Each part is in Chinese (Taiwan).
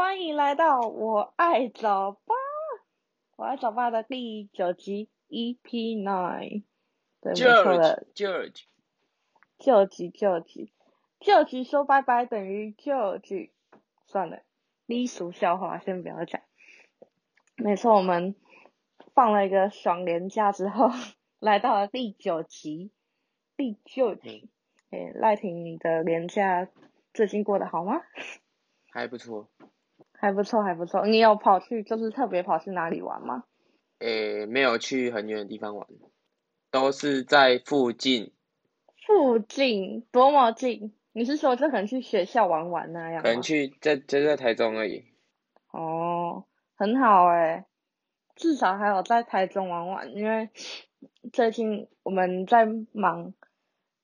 歡迎來到我愛早八，我愛早八的第九集 EP nine，對，George, 沒錯的 George，救急，救急。救急，說拜拜等於救急。算了，低俗笑話先不要講。沒錯，我們放了一個爽連假之後，來到了第九集，第九集，哎賴廷的連假最近過得好嗎？還不錯。還不錯，還不錯。你有跑去，就是特別跑去哪裡玩嗎？誒、欸，沒有去很遠的地方玩，都是在附近。附近多麼近？你是說就可能去學校玩玩那樣？可能去在就，就在台中而已。哦，很好誒、欸，至少還有在台中玩玩。因為最近我們在忙，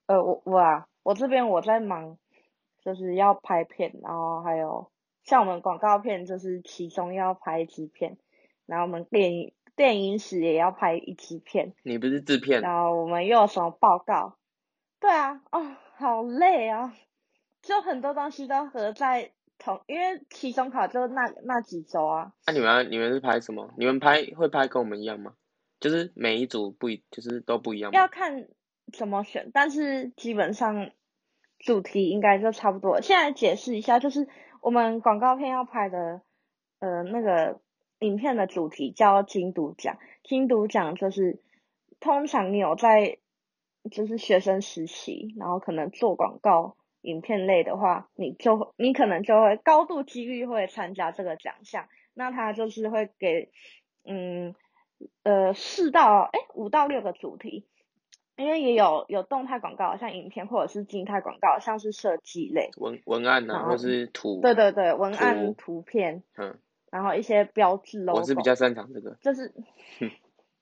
呃，我我啊，我這邊我在忙，就是要拍片，然後還有。像我們廣告片就是期中要拍一支片，然後我們電影電影史也要拍一支片。你不是製片？然後我們又有什麼報告？對啊，哦，好累啊！就很多東西都合在同，因為期中考就那那幾周啊。那、啊、你們、啊、你們是拍什麼？你們拍會拍跟我們一樣嗎？就是每一組不一，就是都不一樣。要看怎麼選，但是基本上主題應該就差不多。現在解釋一下，就是。我們廣告片要拍的，呃，那個影片的主題叫金犢獎。金犢獎就是通常你有在，就是學生時期，然後可能做廣告影片類的話，你就你可能就會高度幾率會參加這個獎項。那它就是會給，嗯，呃，四到哎五到六個主題。因為也有有動態廣告，像影片，或者是靜態廣告，像是設計類文文案吶、啊，或者是圖。對對對，文案圖、圖片，嗯，然後一些標誌嘍。我是比較擅長這個。就是，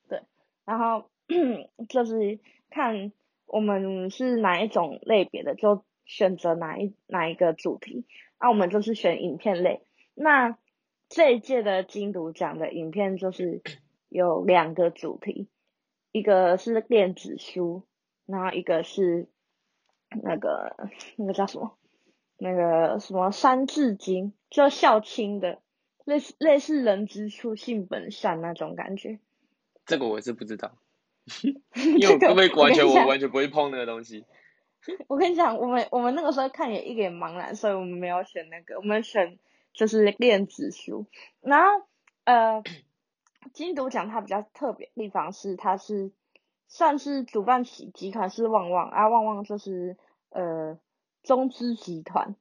對，然後 就是看我們是哪一種類別的，就選擇哪一哪一個主題。那、啊、我們就是選影片類。那這一屆的金犢獎的影片就是有兩個主題。一個是電子書，然後一個是那個那個叫什麼？那個什麼《三字經》，就孝親的，類似類似“人之初，性本善”那種感覺。這個我是不知道， 因為我完全、 這個、我，我完全不會碰那個東西。我跟你講，我們我們那個時候看也一臉茫然，所以我們沒有選那個，我們選就是電子書，然後呃。 金犢獎它比較特別的地方是，它是算是主辦集集團是旺旺啊，旺旺就是呃中資集團，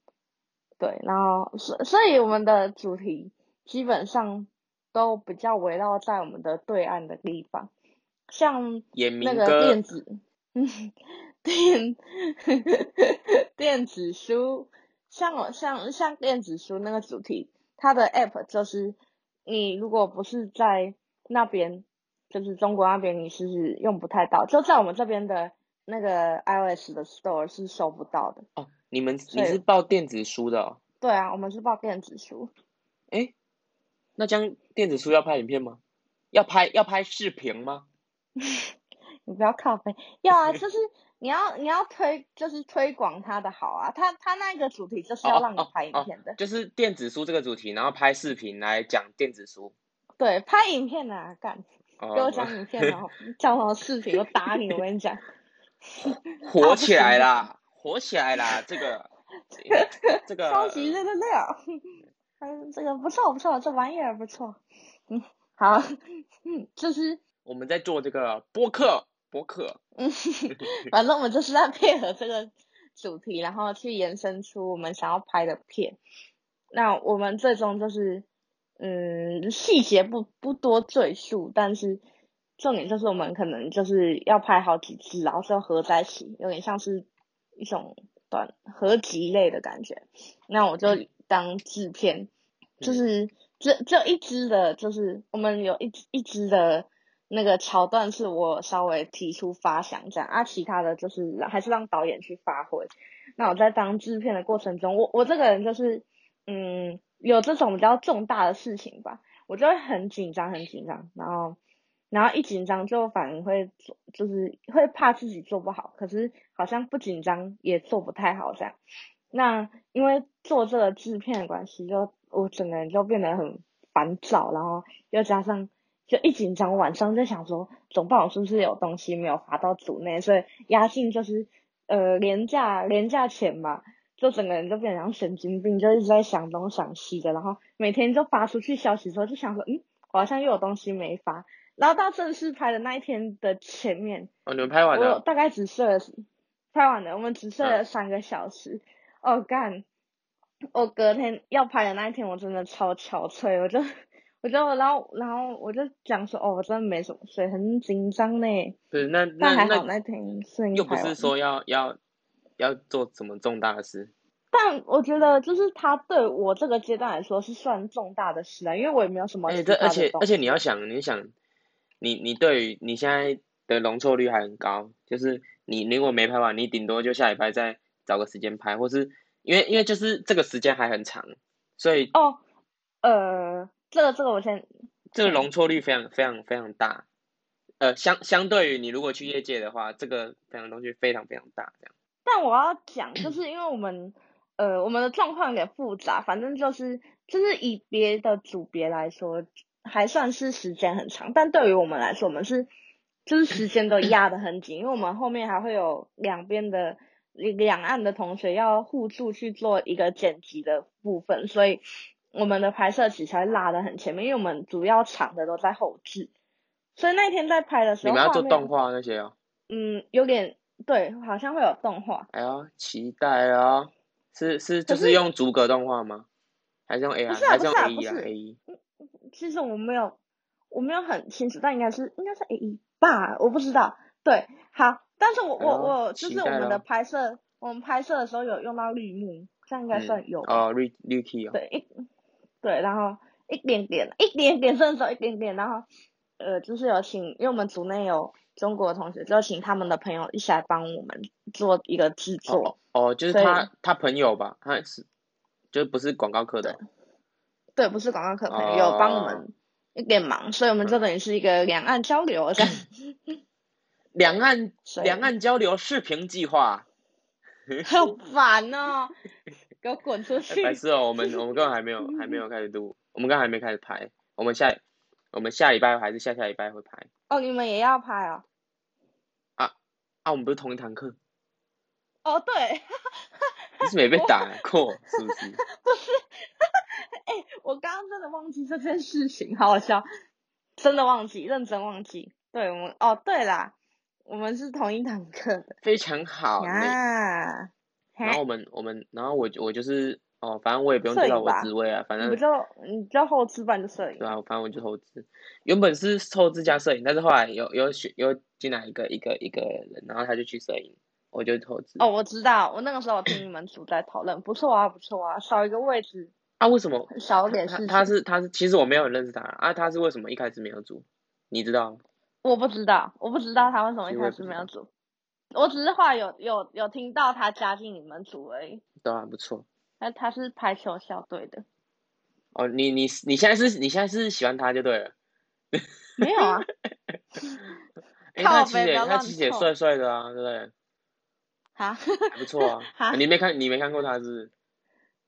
對，然後所所以我們的主題基本上都比較圍繞在我們的對岸的地方，像那個電子嗯 電 電子書，像我像像電子書那個主題，它的 app 就是。你如果不是在那邊，就是中國那邊，你是，是用不太到，就在我們這邊的那個 iOS 的 store 是收不到的哦。你們你是報電子書的哦？對啊，我們是報電子書。誒，欸，那將電子書要拍影片嗎？要拍要拍視頻嗎？ 你不要咖啡，要啊，就是。 你要你要推就是推廣他的好啊，他他那個主題就是要讓你拍影片的，哦哦哦，就是電子書這個主題，然後拍視頻來講電子書。對，拍影片啊，幹？哦，給我講影片，哦、然後 講什麼視頻？我打你！我跟你講， 火起來了，火起來了 來， 這個 這個！這個，這個，超級六六六，嗯，這個不錯不錯，這玩意兒不錯。嗯，好，嗯，就是我們在做這個播客。博客，嗯， 反正我們就是在配合這個主題，然後去延伸出我們想要拍的片。那我們最終就是，嗯，細節不不多贅述，但是重點就是我們可能就是要拍好幾支，然後就合在一起，有點像是，一種短合集類的感覺。那我就當制片，嗯，就是只只有一支的，就是我們有一一支的。那個橋段是我稍微提出發想這樣啊，其他的就是還是讓導演去發揮。那我在當制片的過程中，我我這個人就是，嗯，有這種比較重大的事情吧，我就會很緊張，很緊張，然後然後一緊張就反而會做，就是會怕自己做不好。可是好像不緊張也做不太好這樣。那因為做這個制片的關係，就我整個人就變得很煩躁，然後又加上。就一緊張，晚上就想說總不好，是不是有東西沒有發到組內？所以壓境就是呃連假連假前嘛，就整個人就變成神經病，就一直在想東想西的，然後每天就發出去消息之後就想說嗯，我好像又有東西沒發。然後到正式拍的那一天的前面，哦，你們拍完了？了我大概只睡了拍完了，我們只睡了三個小時。哦，哦幹，我隔天要拍的那一天我真的超憔悴，我就。我就然後然後我就講說哦，我真的沒什麼，所以很緊張呢。對，那那還好那挺順利，又不是說要要要做什麼重大的事。但我覺得就是他對我這個階段來說是算重大的事啊，因為我也沒有什麼。對，而且而且，而且你要想你想，你你對於你現在的容錯率還很高，就是你，你如果沒拍完，你頂多就下禮拜再找個時間拍，或是因為因為就是這個時間還很長，所以哦，呃。這個這個我先，這個容錯率非常非常非常大，呃，相相對於你如果去業界的話，這個兩個東西非常非常大，這樣。但我要講，就是因為我們，呃，我們的狀況有點複雜，反正就是就是以別的組別來說，還算是時間很長，但對於我們來說，我們是就是時間都壓得很緊， 因為我們後面還會有兩邊的兩岸的同學要互助去做一個剪輯的部分，所以。我們的拍攝器材拉得很前面，因為我們主要場的都在後置，所以那天在拍的時候，你們要做動畫那些哦。嗯，有點對，好像會有動畫。哎呀，期待啊、哦！是是，就是用逐格動畫嗎？還是用 AI？還是用不是啊，是 AE 啊不其實我沒有，我沒有很清楚，但應該是應該是 AE 吧？我不知道。對，好，但是我我、哎、我，我就是我們的拍攝，我們拍攝的時候有用到綠幕，這樣應該算有啊、嗯哦。綠綠 key 啊。對。對，然後一點點，一點點順手，一點點，然後，呃，就是有請，因為我們組內有中國的同學，就請他們的朋友一起來幫我們做一個製作。哦，哦就是他他朋友吧，他是，就不是廣告課的。對，對，不是廣告課的朋友，友、哦、有幫我們一點忙，所以我們就等於是一個兩岸交流、嗯、 兩岸兩岸交流視頻計劃。好煩哦。 給我滾出去，欸，不是哦，我們我們剛還沒有 還沒有開始錄，我們剛還沒開始拍，我們下我們下禮拜還是下下禮拜會拍。哦，你們也要拍哦？啊啊，我們不是同一堂課。哦，對。你 是沒被打過，是不是？ 不是。哎、 欸，我剛剛真的忘記這件事情，好好笑。真的忘記，認真忘記。對我們哦，對啦，我們是同一堂課的。非常好。啊然後我們我們然後我我就是哦，反正我也不用介紹我職位啊，反正你就你就後置吧，就攝影。對啊，反正我就後置。原本是後置加攝影，但是後來有有選有，有進來一個一個一個人，然後他就去攝影，我就後置。哦，我知道，我那個時候我聽你們們組在討論， 不錯啊，不錯啊，少一個位置。啊？為什麼？少點事。他他是他是其實我沒有認識他啊，他是為什麼一開始沒有組？你知道嗎？我不知道，我不知道他為什麼一開始沒有組。我只是後來有有有聽到他加進你們組而已。對啊，不錯。那他是排球校隊的。哦，你你你現在是你現在是喜歡他就對了。沒有啊。欸，其實，欸，其實也帥帥的啊，對不對？哈，不錯啊，啊。你沒看你沒看過他是不是？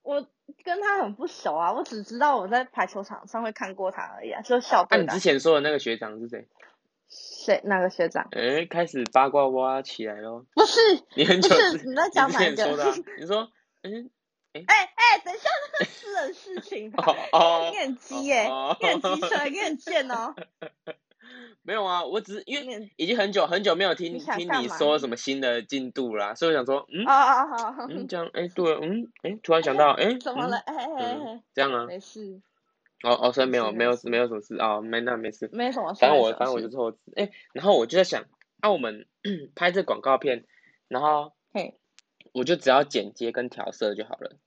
我跟他很不熟啊，我只知道我在排球場上會看過他而已啊，就校、啊。那、啊啊、你之前說的那個學長是誰？誰？哪、那個學長？哎、欸，開始八卦挖起來了。不是，你很久，你在講哪一個？你說，嗯、欸，哎、欸、哎、欸欸，等一下，私人事情。哦哦哦。你很急耶，喔喔、你很急，出、喔、來，你很賤哦、喔。 沒有啊，我只是因為已經很久很久沒有聽你聽你說什麼新的進度啦、啊，所以我想說，嗯，啊啊啊，這樣，哎、欸，對，嗯，哎、欸，突然想到，哎、欸欸欸嗯，怎麼了？哎哎哎，這樣啊？沒事。哦哦，所以沒有沒有沒，沒，沒有什麼事哦，沒那沒事，沒什麼事。反正我反正我，我就做，哎、欸，然後我就在想，啊，我們拍這廣告片，然後嘿，我就只要剪接跟調色就好了，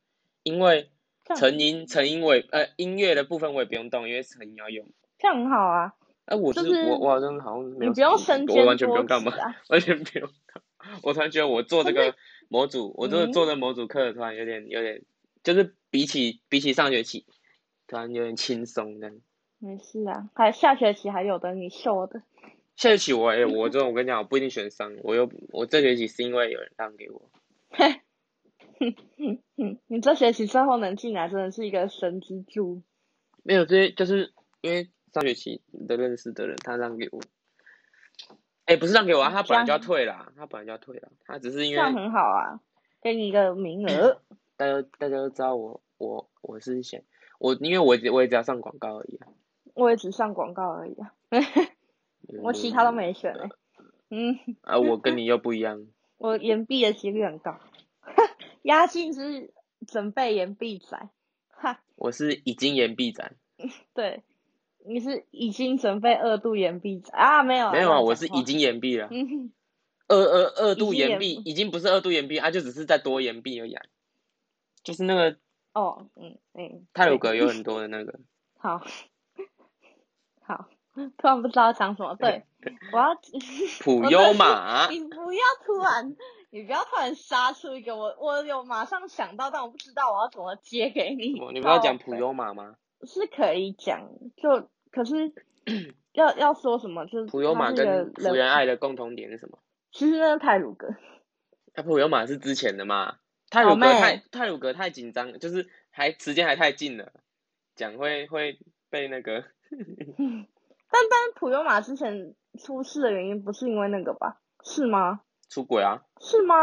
因為成音成音為呃音樂的部分我也不用動，因為成音要用，這樣很好啊。哎、就是，我是我我好像好像沒有你不要、啊、我完全不用幹嘛，完全不用幹。我突然覺得我做這個模組，是我做這個做的模組課、嗯、突然有點有點，就是比起比起上學期。突然有點輕鬆的，沒事啊，還下學期還有的你秀的。下學期我，欸、我這種我跟你講，我不一定選上，我又我這學期是因為有人讓給我。哼哼哼，你這學期最後能進來，真的是一個神之助。沒有，這就是因為上學期的認識的人他讓給我，哎、欸，不是讓給我啊，他本，他本來就要退啦，他本來就要退啦，他只是因為。這樣很好啊，給你一個名額。大家都大家都知道我我我是想。我因為我只我也只要上廣告而已、啊，我也只上廣告而已啊、 嗯，我其他都沒選嘞、欸，嗯，而、啊、我跟你又不一樣， 我延畢的幾率很高， 鴨勁是準備延畢展。哈 ，我是已經延畢展。 對，你是已經準備二度延畢展。啊？沒有，沒有啊，我，我是已經延畢了， 二二二度延畢，已經，畢已經不是二度延畢啊，就只是在多延畢而已，就是那個。哦，嗯，嗯。太魯閣有很多的那個、嗯嗯。好，好，突然不知道講什麼，對，我要。普悠瑪、 就是。你不要突然，你不要突然殺出一個，我我有馬上想到，但我不知道我要怎麼接給你。你不要講普悠瑪嗎？是可以講，就可是 要要說什麼？就是。普悠瑪跟福原愛的共同點是什麼？其實那個太魯閣。那、啊、普悠瑪是之前的嘛？太魯閣太、oh, 太魯閣太緊張，就是還時間還太近了，講會會被那個。 但但普悠馬之前出事的原因不是因為那個吧？是嗎？出軌啊？是嗎？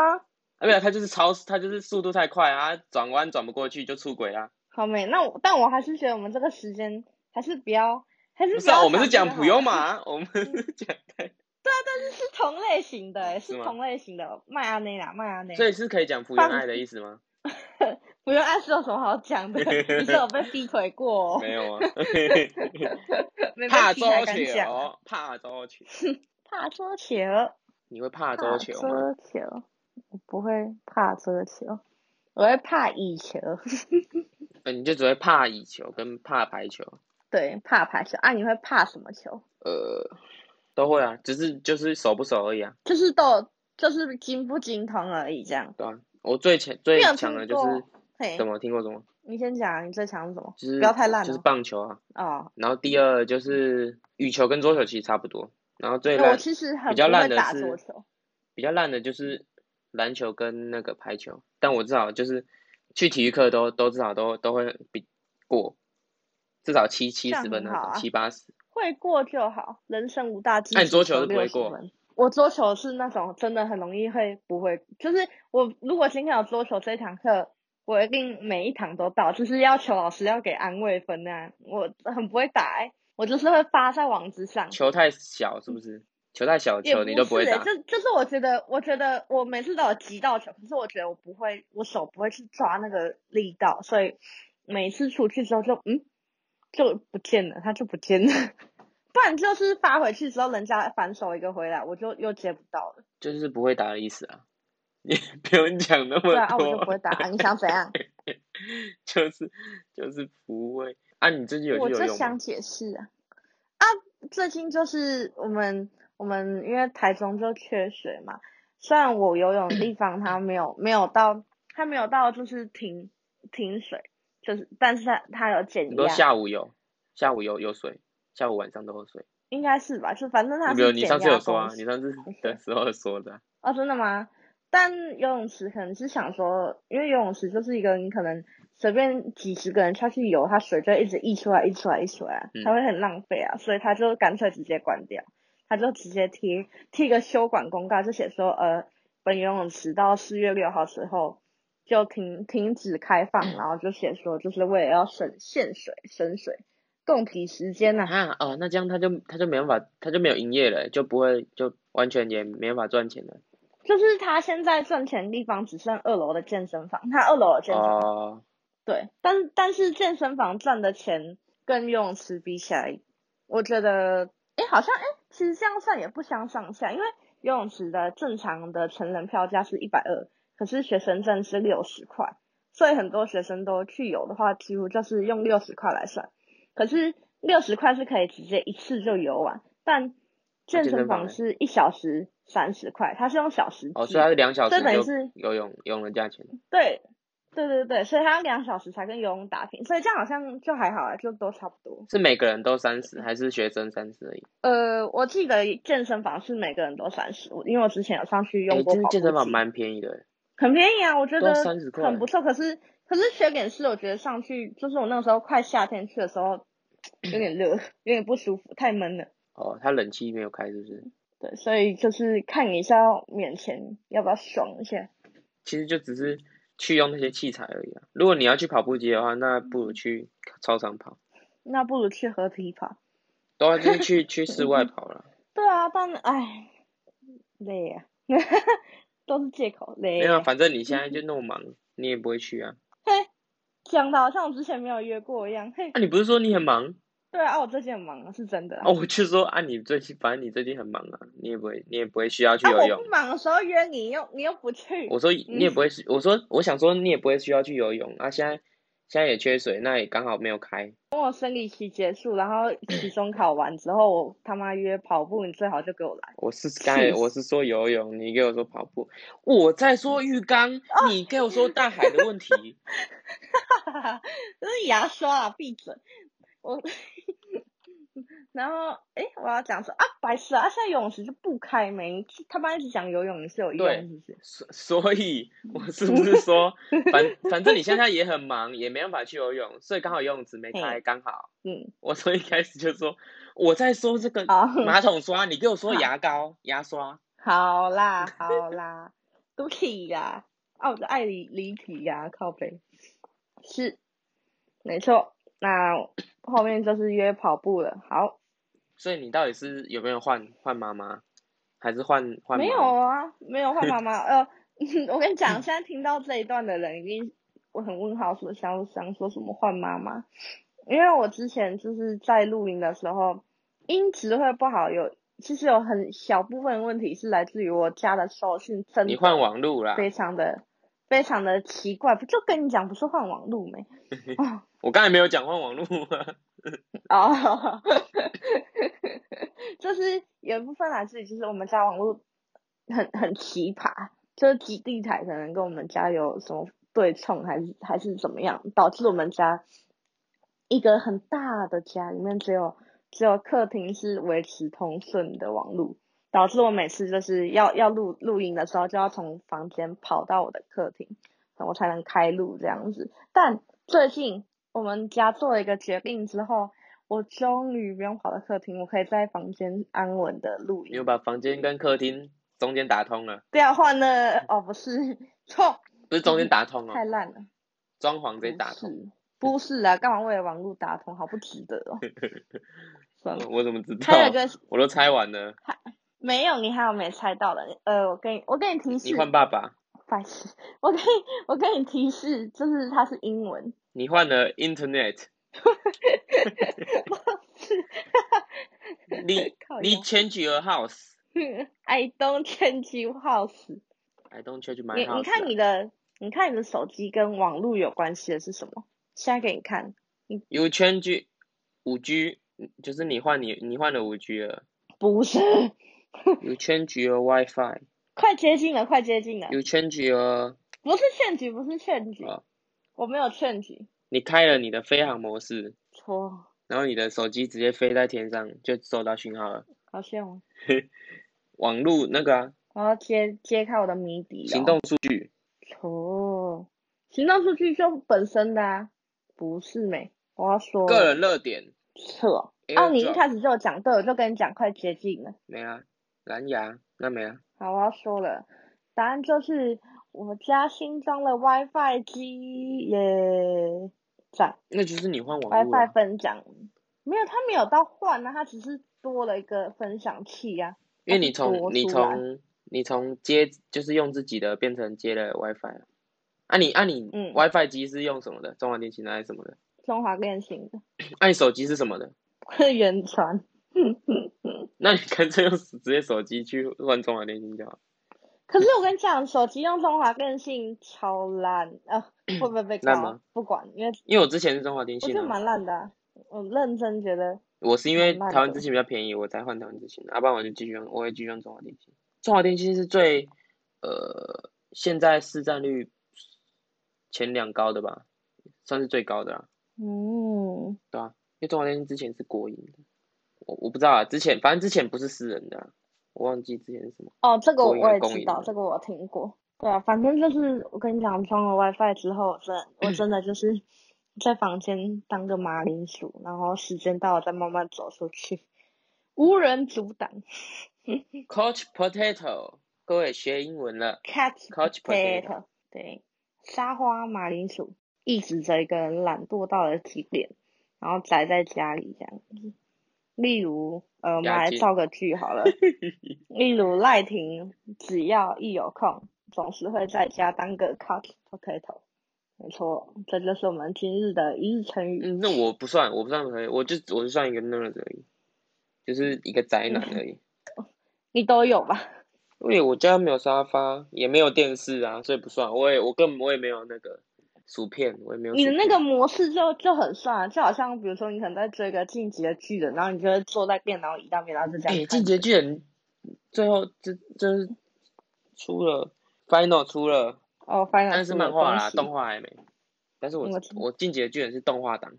啊，沒有，他就是超，他就是速度太快啊，轉彎轉不過去就出軌啊。好美，那我但我還是覺得我們這個時間還是不要，還是不要。不是、啊，我們是講普悠馬 我們是講太。 對啊，但是同、欸、是同類型的，是同類型的，麥阿內啦，麥阿內。所以是可以講福原愛的意思嗎？福原愛是有什麼好講的？ 你都有被劈腿過、喔。沒有啊 沒。怕桌球？怕桌球？怕桌球？你會怕桌球桌球？我不會怕桌球，我會怕蟻球 、呃。你就只會怕蟻球跟怕排球？對，怕排球。啊，你會怕什麼球？呃。都會啊，只是就是熟不熟而已啊，就是都就是精不精通而已這樣。對啊，我最強最強的就是，什麼聽過什麼？你先講，你最強是什麼？就是、不要太爛、哦，就是棒球啊。哦。然後第二就是羽球跟桌球其實差不多，然後最爛比較爛的是，比較爛的就是籃球跟那個排球，但我至少就是去體育課都都至少都都會比過，至少七七十分啊，七八十。會過就好，人生無大志。那、啊、你桌球都不會過？我桌球是那種真的很容易會不會，就是我如果今天有桌球這堂課，我一定每一堂都到。就是要求老師要給安慰分啊。我很不會打、欸，我就是會發在網子上。球太小是不是？球太小，球你都不會打。欸、就就是我覺得，我覺得我每次都有擊到球，可是我覺得我不會，我手不會去抓那個力道，所以每次出去之後就嗯。就不見了，他就不見了， 不然就是發回去之後，人家反手一個回來，我就又接不到了。就是不會打的意思啊，你不用講那麼多。對啊，我就不會打，你想怎樣？就是就是不會 啊，你最近有,有。我就想解釋啊，啊，最近就是我們我們因為台中就缺水嘛，雖然我游泳的地方它 沒有沒有到，它沒有到就是停停水。就是，但是他他有減壓。都下午有，下午有有水，下午晚上都有水。應該是吧？就反正他是。你上次有說啊，你上次的時候說的、啊。 哦，真的嗎？但游泳池可能是想說，因為游泳池就是一個，你可能隨便幾十個人下去游，它水就一直溢出來、溢出來、溢出來，它會很浪費啊，所以他就乾脆直接關掉，他就直接貼貼個休館公告，就寫說呃，本游泳池到四月六號時候。就停停止開放，然後就寫說，就是為了要省限水、省水、供體時間呢、啊。啊，哦，那這樣他就他就沒辦法，他就沒有營業了，就不會就完全也沒辦法賺錢了。就是他現在賺錢的地方只剩二樓的健身房，他二樓的健身房。哦、對，但但是健身房賺的錢跟游泳池比起來，我覺得哎、欸、好像哎、欸、其實這樣算也不相上下，因為游泳池的正常的成人票價是一百二。可是學生證是六十塊，所以很多學生都去游的話，幾乎就是用六十塊來算。可是六十塊是可以直接一次就游完，但健身房是一小時三十塊，它是用小時。哦，所以它是兩小時就游泳，等於是游，泳，游，泳游泳的價錢。對對對對，所以它要兩小時才跟游泳打平，所以這樣好像就還好，就都差不多。是每個人都三十，還是學生三十而已？呃，我記得健身房是每個人都三十，因為我之前有上去用過。哎、欸，就是、健身房蠻便宜的。很便宜啊，我覺得很不錯。都要三十塊耶。可是，可是缺點是，我覺得上去就是我那個時候快夏天去的時候，有點熱， 有點不舒服，太悶了。哦，它冷氣沒有開，是不是？對，所以就是看你一下要免錢要不要爽一下。其實就只是去用那些器材而已啊。如果你要去跑步機的話，那不如去操場跑。那不如去河堤跑。都還就是去 去室外跑了。對啊，但唉，累啊。 都是借口嘞。對啊，反正你現在就那麼忙，嗯、你也不會去啊。嘿，講的好像我之前沒有約過一樣。嘿，那、啊、你不是說你很忙？對啊，我最近很忙，是真的。哦，我就說啊，你最近，反正你最近很忙啊，你也不會，你也不會需要去游泳。啊、我不忙的時候約你又，又你又不去。我說你也不會去、嗯。我說，我想說你也不會需要去游泳啊。現在。現在也缺水，那也剛好沒有開。等我生理期結束，然後期中考完之後， 我他媽約跑步，你最好就給我來。我是剛，我是說游泳，你給我說跑步，我在說浴缸，嗯、你給我說大海的問題。哈哈哈！ 這是牙刷、啊，閉嘴！我。 然後，哎，我要講說啊，白事啊，現在游泳池就不開門。你他媽一直講游泳是有意思，所所以，我是不是說， 反反正你現在也很忙，也沒辦法去游泳，所以剛好游泳池沒開，嗯、剛好。嗯。我從一開始就說，我在說這個馬桶刷，你給我說牙膏、啊、牙刷。好啦，好啦，都 可以啦。啊，我的愛離離體呀、啊，靠北。是，沒錯。那後面就是約跑步了，好。所以你到底是有沒有換換媽媽，還是換換？沒有啊，沒有換媽媽。 呃，我跟你講，現在聽到這一段的人一定我很問號想，說想想說什麼換媽媽？因為我之前就是在錄音的時候音質會不好，有其實有很小部分問題是來自於我家的收訊。真的。你換網路了。非常的。非常的奇怪，不就跟你講，不是換網路沒？ 我剛才沒有講換網路嗎、啊？ oh, 就是有一部分來自，於，就是我們家網絡很很奇葩，就是基地台可能跟我們家有什麼對沖，還是還是怎麼樣，導致我們家一個很大的家裡面只有只有客廳是維持通順的網絡。導致我每次就是要要錄錄音的時候，就要從房間跑到我的客廳，我才能開錄這樣子。但最近我們家做了一個決定之後，我終於不用跑到客廳，我可以在房間安穩的錄音。你有把房間跟客廳中間打通了？對啊，換了哦，不是錯，不是中間打通了、哦嗯、爛了？太爛了，裝潢得打通？不是，不是啊，幹嘛為了網絡打通，好不值得哦？ 算了我，我怎麼知道？就是、我都拆完了。沒有，你還有沒猜到的？呃，我給你，我給你提示。你換爸爸。不好意思，我給我給你提示，就是它是英文。你換了 Internet。哈哈哈。不是。你你 change your house。嗯，I don't change your house。I don't change, house. I don't change my house 你。你你看你的、啊，你看你的手機跟網絡有關係的是什麼？現在給你看。你 you change 五 G，就是你換你你換了五 G 了。不是。You change your Wi-Fi，快接近了，快接近了。You change your 不是 change，不是 change，我沒有 change。你開了你的飛航模式，錯，然後你的手機直接飛在天上，就收到訊號了。好羨慕， 網絡那個啊。我要揭揭開我的謎底，行動數據，錯，行動數據就本身的啊，不是沒，我要說個人熱點，錯哦、啊，你一開始就有講到，我就跟你講快接近了，沒啊。藍牙那沒啊！好，我要說了，答案就是我家新裝了 WiFi 機耶，在、yeah。那就是你換網。WiFi 分享，沒有，他沒有到換啊，他只是多了一個分享器啊。因為你從你從你從接就是用自己的變成接了 WiFi 那啊，你那、啊、你、嗯、WiFi 機是用什麼的？中華電信的還是什麼的？中華電信的。那你手機是什麼的？原傳。那你幹脆用直接手機去換中華電信就好。可是我跟你講， 手機用中華電信超爛啊、呃！會不會被幹？ 嗎？不管，因為因為我之前是中華電信、啊。我覺得蠻爛的、啊，我認真覺得。我是因為台灣之星比較便宜，我才換台灣之星的，要、啊、不然我就繼續用我也繼續用中華電信。中華電信是最呃現在市占率前兩高的吧，算是最高的啦、啊。嗯。對啊，因為中華電信之前是國營的。我，我不知道啊，之前反正之前不是私人的、啊，我忘記之前是什麼。哦，這個我也，我也知道，這個我聽過。對啊，反正就是我跟你講，裝了 WiFi 之後，我真我真的就是、嗯、在房間當個馬鈴薯，然後時間到了再慢慢走出去，無人阻擋。 Couch Potato，各位學英文了、Catch、？Couch Potato, Potato，對，沙發馬鈴薯，一直一個人懶惰到了極點，然後宅在家裡這樣子。例如，呃，我們來造個句好了。 例如賴廷只要一有空，總是會在家當個 couch potato。沒錯，這就是我們今日的一日成語。嗯，那我不算，我不算可以，我就我就算一個 nerd 而已，就是一個宅男而已。你都有吧？因為我家沒有沙發，也沒有電視啊，所以不算。我也我更我也沒有那個。薯片，我也沒有。你的那個模式就就很帥、啊，就好像比如說你可能在追個進擊的巨人，然後你就會坐在電腦椅那邊，然後到到這樣的。你進擊巨人最後就就是出了，final 出了哦，final 出了，但是漫畫啦，動畫還沒。但是我、那個、我進擊的巨人是動畫檔。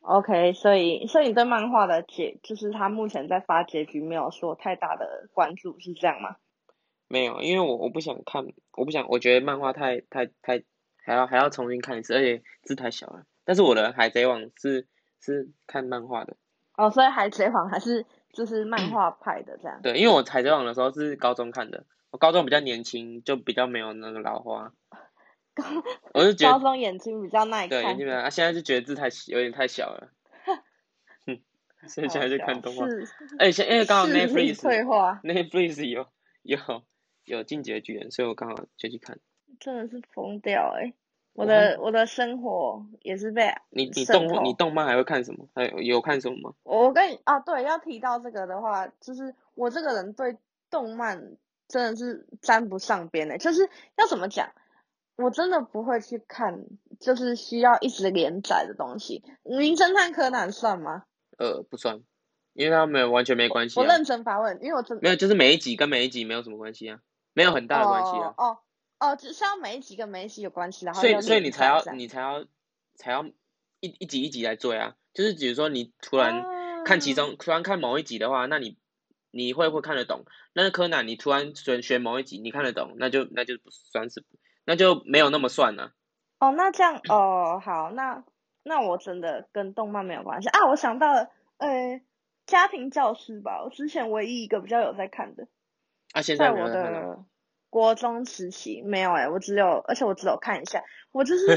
OK，所以所以你對漫畫的結就是他目前在發結局沒有說太大的關注，是這樣嗎？沒有，因為我我不想看，我不想，我覺得漫畫太太太。太太還要還要重新看一次，而且字太小了。但是我的海是《海賊王》是是看漫畫的。哦，所以《海賊王》還是就是漫畫派的這樣。對，因為我《海賊王》的時候是高中看的，我高中比較年輕，就比較沒有那個老花高。我是覺得。高中眼睛比較耐看。對，眼睛啊，現在就覺得字太小，有點太小了。哼。 所以現在就看動畫。誒現、欸、因為剛好 Netflix 退化，那一 e e 有有有進擊的巨人，所以我剛好就去看。真的是瘋掉誒、欸，我的我的生活也是被……你你動你動漫還會看什麼？還、欸、有有看什麼嗎？我跟你啊，對，要提到這個的話，就是我這個人對動漫真的是沾不上邊的、欸。就是要怎麼講？我真的不會去看，就是需要一直連載的東西。名偵探柯南算嗎？呃，不算，因為他們完全沒關係、啊。我認真發問，因為我真的沒有，就是每一集跟每一集沒有什麼關係啊，沒有很大的關係、啊、哦。哦哦，只是要每一集跟每一集有關係，然後所以所以你才要、啊、你才要，你才，要才要一一集一集來做啊。就是比如說你突然看其中、uh... 突然看某一集的話，那你你會不會看得懂？那柯南你突然選選某一集，你看得懂，那就那就不算是那就沒有那麼算呢、啊。哦、oh，那這樣哦，好，那那我真的跟動漫沒有關係啊。我想到了，呃，家庭教師吧，我之前唯一一個比較有在看的，啊，現在，在，在我的。國中時期沒有哎、欸，我只有，而且我只有看一下。我就是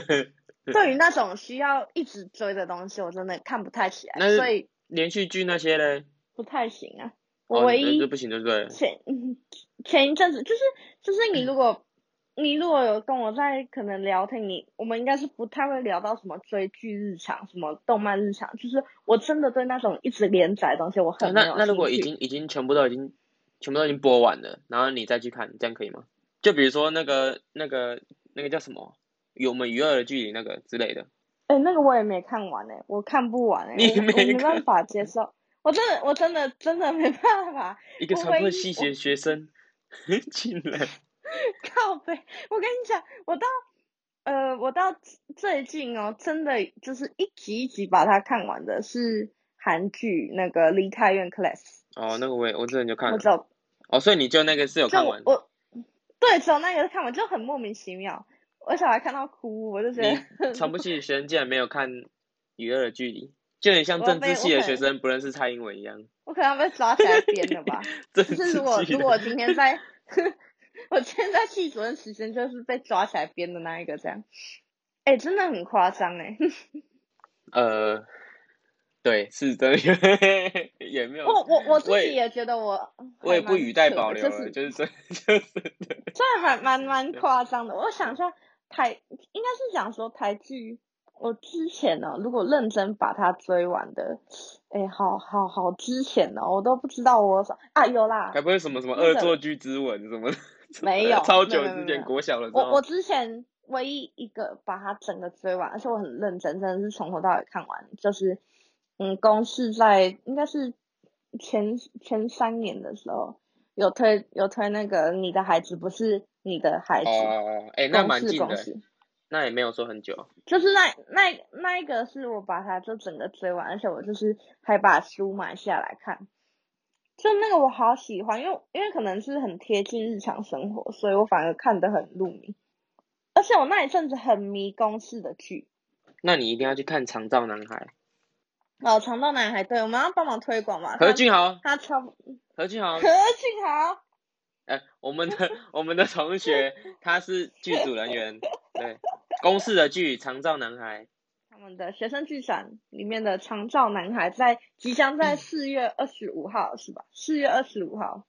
對於那種需要一直追的東西，我真的看不太起來。 所以連續劇那些嘞，不太行啊。我、哦、唯一不行的對。 前前一陣子就是就是你如果、嗯、你如果有跟我在可能聊天，你我們應該是不太會聊到什麼追劇日常，什麼動漫日常。就是我真的對那種一直連載的東西，我很沒有興趣。那那如果已經已經全部都已經，全部都已經播完了，然後你再去看，這樣可以嗎？就比如說那個、那個、那個叫什麼《我們與惡的距離》那個之類的。哎、欸，那個我也沒看完，哎、欸，我看不完、欸、你沒看我，我沒辦法接受。 我真的，我真的，真的沒辦法。一個強迫細血學生進 來。靠北！我跟你講，我到呃，我到最近哦，真的就是一集一集把它看完的是韓劇，是韓劇那個《梨泰院 Class》。哦，那個我也我之前就看了。哦，所以你就那個是有看完我？我，對，只有那個看完，就很莫名其妙，我小孩看到哭，我就覺得。你傳播系的學生竟然沒有看《與惡的距離》，就很像政治系的學生不認識蔡英文一樣。我,要我可能,我可能要被抓起來編了吧？就 是如果如果我今天在， 我今天在系主任，時間就是被抓起來編的那一個這樣。哎、欸，真的很誇張哎。 呃。對，是的，也沒有。我我我自己也覺得我，我，我也不語帶保留了，就是這就是的。這、就是、還蠻蠻誇張的。我想一下台，應該是想說台劇。我之前呢、喔，如果認真把它追完的，哎、欸，好好好之前呢、喔，我都不知道我啊有啦。該不會什麼什麼惡作劇之吻什麼的？沒有，超久之前國小的。我我之前唯一一個把它整個追完，而且我很認真，真的是從頭到尾看完，就是。嗯，公視在應該是前前三年的時候有推有推那個你的孩子不是你的孩子。哦哦，哎、欸，那蠻近的公視，那也沒有說很久，就是那那那一個是我把它就整個追完，而且我就是還把書買下來看，就那個我好喜歡，因為因為可能是很貼近日常生活，所以我反而看得很入迷，而且我那一陣子很迷公視的劇，那你一定要去看《腸躁男孩》。哦，《腸躁男孩》對，我們要幫忙推廣嘛。何俊豪，他，他超何俊豪，何俊豪，哎、欸，我們的我們的同學， 他是劇組人員，對，公視的劇《腸躁男孩》。他們的學生劇展裡面的《腸躁男孩》，在即將在即將在四月二十五號、嗯、是吧？四月二十五號，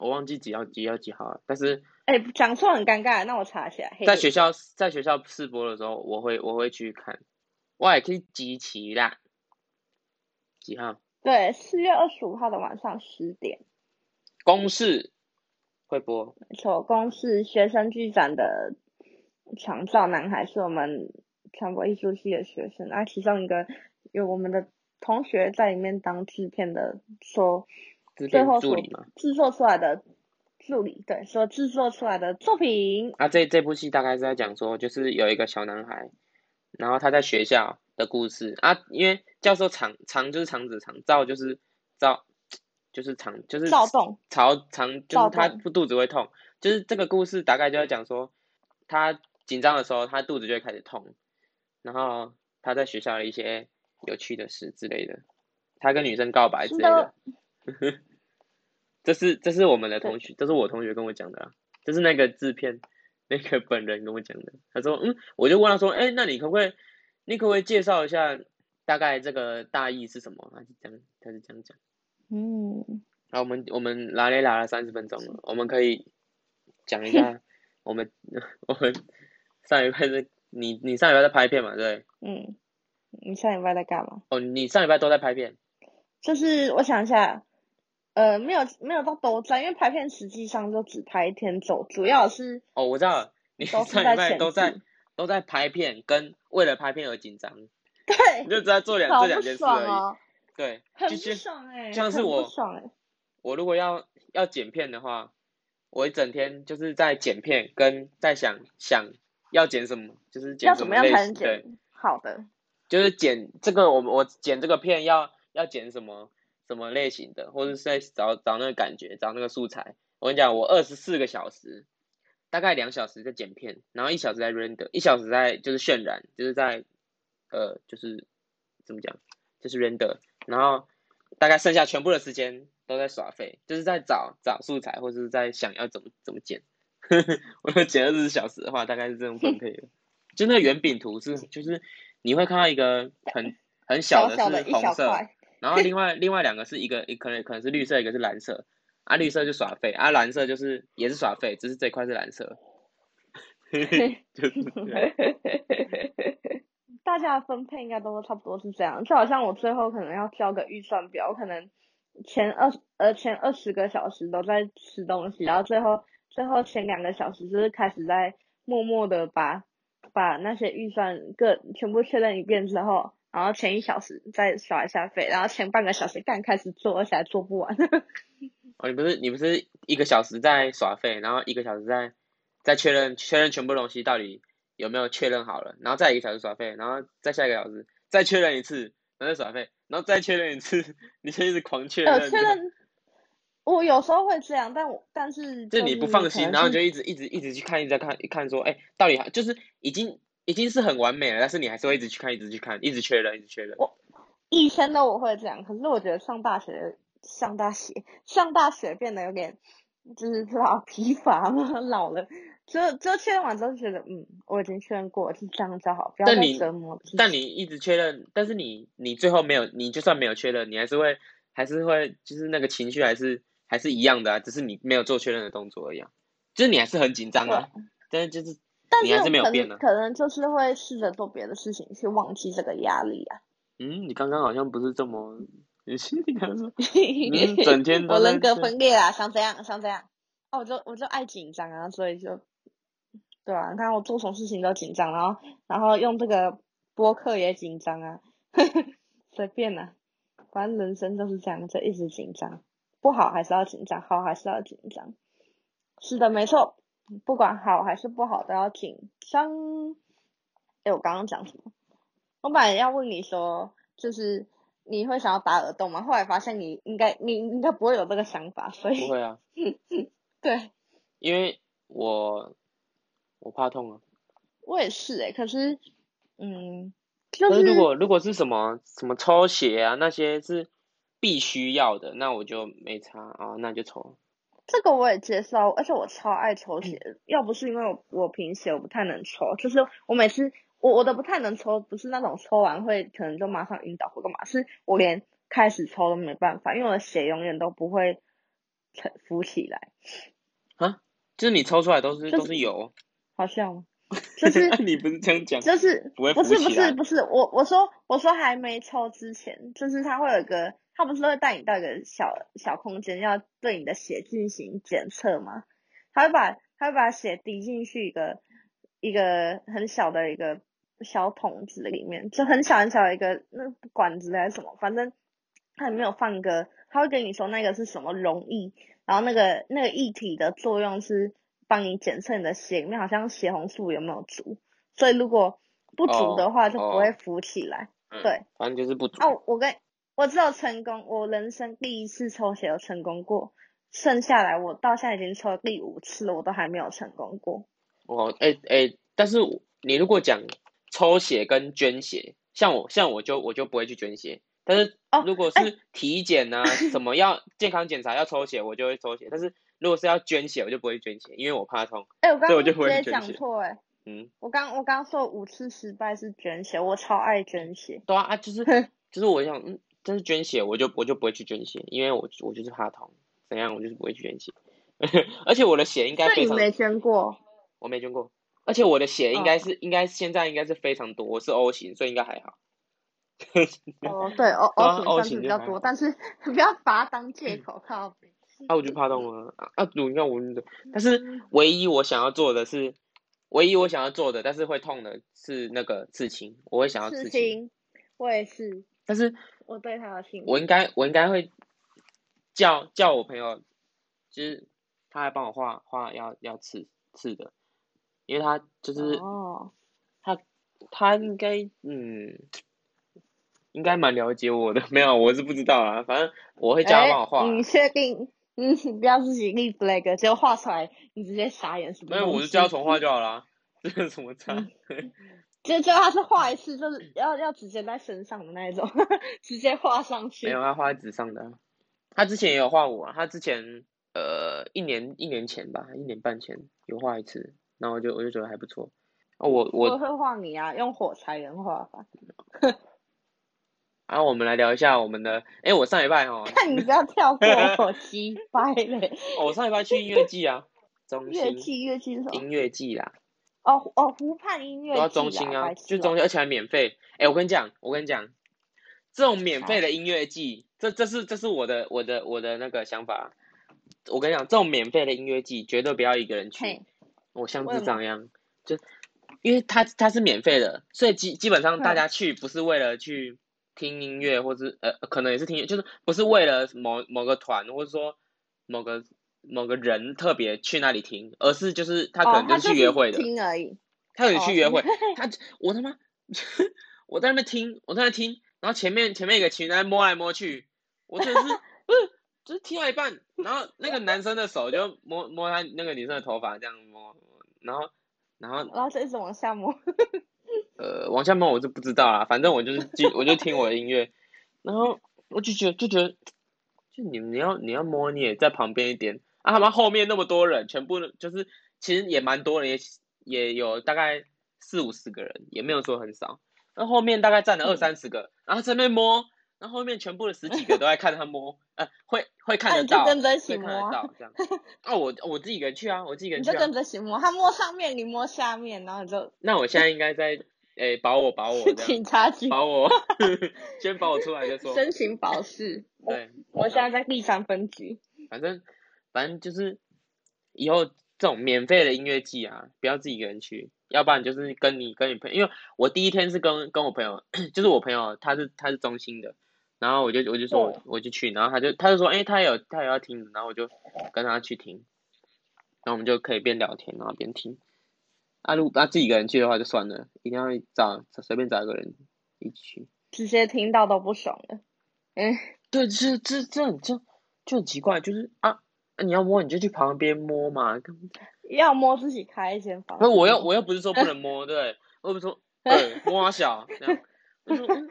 我忘記幾號幾號幾號了，但是，哎、欸，講錯很尷尬，那我查一下。在學校在學校試播的時候，我會我會去看，我也可以集齊啦。幾號？對，四月二十五號的晚上十點，公視會播。沒錯，公視學生劇展的腸躁男孩是我們傳播藝術系的學生，啊，其中一個有我們的同學在裡面當製片的，說，最後助理嘛，製作出來的助理，助理對，所製作出來的作品。啊，這這部戲大概是在講說，就是有一個小男孩，然後他在學校的故事啊，因為教授腸腸就是腸子腸，腸躁就是躁，就是常，就是躁動，躁腸就是他肚子會痛，就是這個故事大概就要講說，他緊張的時候他肚子就會開始痛，然後他在學校的一些有趣的事之類的，他跟女生告白之類的， 這是這是我們的同學，這是我同學跟我講的、啊，這是那個製片那個本人跟我講的，他說嗯，我就問他說，哎、欸，那你可不可以？你可不可以介紹一下大概這個大意是什麼？他是這樣，他是這樣講。嗯。好、啊，我們我們拉了拉了三十分鐘了，了，我們可以講一下。我們 我們上禮拜在你你上禮拜在拍片嘛？對。嗯。你上禮拜在幹嘛？哦，你上禮拜都在拍片。就是我想一下，呃，沒有沒有到都在，因為拍片實際上就只拍一天走，主要是，是。哦，我知道了。你上禮拜都在。都在拍片，跟為了拍片而緊張，對，就只在做兩這兩件事而已，對，很不爽、欸、就像是我很爽、欸，我如果要要剪片的話，我一整天就是在剪片，跟在想想要剪什麼，就是剪什麼類型，樣才能剪對，好的，就是剪這個，我我剪這個片要要剪什麼什麼類型的，或者是在找找那個感覺，找那個素材。我跟你講，我二十四個小時。大概兩小時在剪片，然後一小時在 render，一小時在就是渲染，就是在，呃，就是怎麼講，就是 render，然後大概剩下全部的時間都在耍廢，就是在找找素材，或者是在想要怎麼怎麼剪。呵呵，我剪二十四小時的話，大概是這種分配的。 就那圓餅圖是，就是你會看到一個很很小的是紅色，小小 然後另外另外兩個是一個可能可能是綠色，一個是藍色。啊，綠色就耍廢，啊，藍色就是也是耍廢，只是這塊是藍色。 大家分配應該都差不多是這樣，就好像我最後可能要交個預算表，我可能前二呃前二十個小時都在吃東西，然後最後最後前兩個小時就是開始在默默的把把那些預算各全部確認一遍之後，然後前一小時再耍一下廢，然後前半個小時剛開始做，而且還做不完。 你不是你不是一個小時在耍廢，然後一個小時在在確認確認全部東西到底有沒有確認好了，然後再一個小時耍廢，然後再下一個小時再確認一次，然後再耍廢，然後再確認一次，你就一直狂確認。我有時候會這樣，但我但是、就是、就你不放心，然後你就一直一直一直去看，一直在看，一看說，欸，到底就是已經已經是很完美了，但是你還是會一直去看，一直去看，一直確認，一直確認。我一生都我會這樣，可是我覺得上大學。上大學，上大學變得有點，就是知道疲乏了，老了。就就確認完之後覺得，嗯，我已經確認過，是這樣子好，不要折磨。但你，但你一直確認，但是你你最後沒有，你就算沒有確認，你還是會還是會，就是那個情緒還是還是一樣的啊，只是你沒有做確認的動作而已啊。就是你還是很緊張啊，但是就是，但是你還是沒有變的啊，可，可能就是會試着做別的事情去忘記這個壓力啊。嗯，你剛剛好像不是這麼。 你心裡難受， 我人格分裂啦！像這樣，像這樣。哦，我就我就愛緊張啊，所以就，對啊，你看我做什麼事情都緊張，然後然後用這個播客也緊張啊，呵呵隨便啦、啊，反正人生就是這樣，就一直緊張，不好還是要緊張，好還是要緊張。是的，沒錯，不管好還是不好都要緊張。誒，我剛剛講什麼？我本來要問你說，就是。你會想要打耳洞嗎？後來發現你應該你應該不會有這個想法，所以不會啊、嗯嗯。對，因為我我怕痛啊。我也是哎、欸，可是嗯，就是，可是如果如果是什麼什麼抽血啊那些是必須要的，那我就沒差啊，那就抽。這個我也接受，而且我超愛抽血，嗯、要不是因為我我貧血，我不太能抽。就是我每次我我的不太能抽，不是那種抽完會可能就馬上暈倒或幹嘛，是我連開始抽都沒辦法，因為我的血永遠都不會浮起來。啊？就是你抽出來都是、就是、都是油？好笑嗎？就是 你不是這樣講。就是不會浮起來。不是不是不是我我說我說還沒抽之前，就是它會有個。他不是都會帶你到一個小小空間，要對你的血進行檢測嗎？他會把他會把血滴進去一個一個很小的一個小桶子裡面，就很小很小的一個那個管子還是什麼，反正他也沒有放一個，他會跟你說那個是什麼溶液，然後那個那個液體的作用是幫你檢測你的血裡面好像血紅素有沒有足，所以如果不足的話就不會浮起來，oh, oh. 對，反正就是不足。哦，啊，我跟。我只有成功，我人生第一次抽血有成功過，剩下來我到現在已經抽第五次了，我都還沒有成功過。哦，哎、欸、哎、欸，但是你如果講抽血跟捐血，像我像我就我就不會去捐血，但是如果是體檢吶、啊哦欸、什麼要健康檢查要抽血， 我就會抽血。但是如果是要捐血，我就不會捐血，因為我怕痛。哎、欸，我剛剛直接講錯哎。嗯，我剛我剛說五次失敗是捐血，我超愛捐血。嗯、對啊，就是就是我想嗯。但是捐血，我就我就不會去捐血，因為我我就是怕痛，怎樣我就是不會去捐血。 而且我的血應該，那你沒捐過？我沒捐過。而且我的血應該是、哦，應該現在應該是非常多，我是 O 型，所以應該還好。 哦，對，O o, o, 型 o 型比較多，但是不要把它當借口，嗯、靠。啊，我就怕痛啊！啊，賭應該我們的、嗯，但是唯一我想要做的是，唯一我想要做的但是會痛的是那個刺青，我會想要刺青。刺青我也是。但是我對他有興趣，我應該我應該會叫叫我朋友，就是他還幫我畫畫，要要刺刺的，因為他就是、哦、他他應該嗯，應該蠻了解我的，沒有我是不知道啊，反正我會叫他幫我畫、欸。你確定？嗯，不要自己立 flag，就畫出來，你直接傻眼是吧？沒有，我就叫重畫就好啦，嗯、這有什麼差？嗯 就就他是畫一次就是要要直接在身上的那一種，直接畫上去。沒有，他畫在紙上的。他之前也有畫我、啊，他之前呃一年一年前吧，一年半前有畫一次，然後就我就覺得還不錯。我我，我會畫你啊，用火柴人畫吧。然 後、啊、我們來聊一下我們的，誒、欸，我上禮拜 哦，看你這樣跳過我七排嘞。我上禮拜去音樂季啊，樂 音樂季音樂季啦。哦哦，湖畔音樂中心啊，就中心而且還免費。哎、欸，我跟你講，我跟你講，這種免費的音樂季，這這是這是我的我的我的那個想法。我跟你講，這種免費的音樂季絕對不要一個人去。我像智障一樣，就因為它它是免費的，所以基基本上大家去不是為了去聽音樂，或是呃可能也是聽，就是不是為了某某個團，或者說某個。某個人特別去那裡聽，而是就是他可能就去約會的、哦、聽而已。他可能去約會，哦、他我他媽，我在那邊聽，我在那聽，然後前面前面一個情人摸來摸去，我真的是不是， 就是聽到一半，然後那個男生的手就摸摸他那個女生的頭髮這樣摸，然後然後然後就一直往下摸， 呃，往下摸我就不知道啊，反正我就是聽我就聽我的音樂，然後我就覺得就覺得就你你要你要摸你也在旁邊一點。啊！他們後面那麼多人，全部就是其實也蠻多人，也也有大概四五十個人，也沒有說很少。那後面大概站了二三十個，嗯、然後在那邊摸，那後，後面全部的十幾個都在看他摸，啊、 呃，會會看得到，啊、就行摸會看得到這樣。哦、 啊，我我自己一個人去啊，我自己一個人去、啊。你就跟着行摸，他摸上面，你摸下面，然後就。 那我現在應該在誒保我保我，警察局保我，保我 保我 先保我出來再說。申請保釋。對。我，我現在在第三分局。反正。反正就是，以後這種免費的音樂季啊，不要自己一個人去，要不然就是跟你跟你朋友，因為我第一天是跟跟我朋友，就是我朋友他是他是中心的，然後我就我就說我我就去，然後他就他就說誒、欸，他也有他也有要聽，然後我就跟他去聽，然後我們就可以邊聊天然後邊聽，啊如果那、啊、自己一個人去的話就算了，一定要找隨便找一個人一起去。直接聽到都不爽了，嗯，對，這這這這就很奇怪，就是啊。那、啊、你要摸你就去旁邊摸嘛，要摸自己開一間房。那我又我又不是說不能摸， 對，我不是說對、欸、摸小 那樣，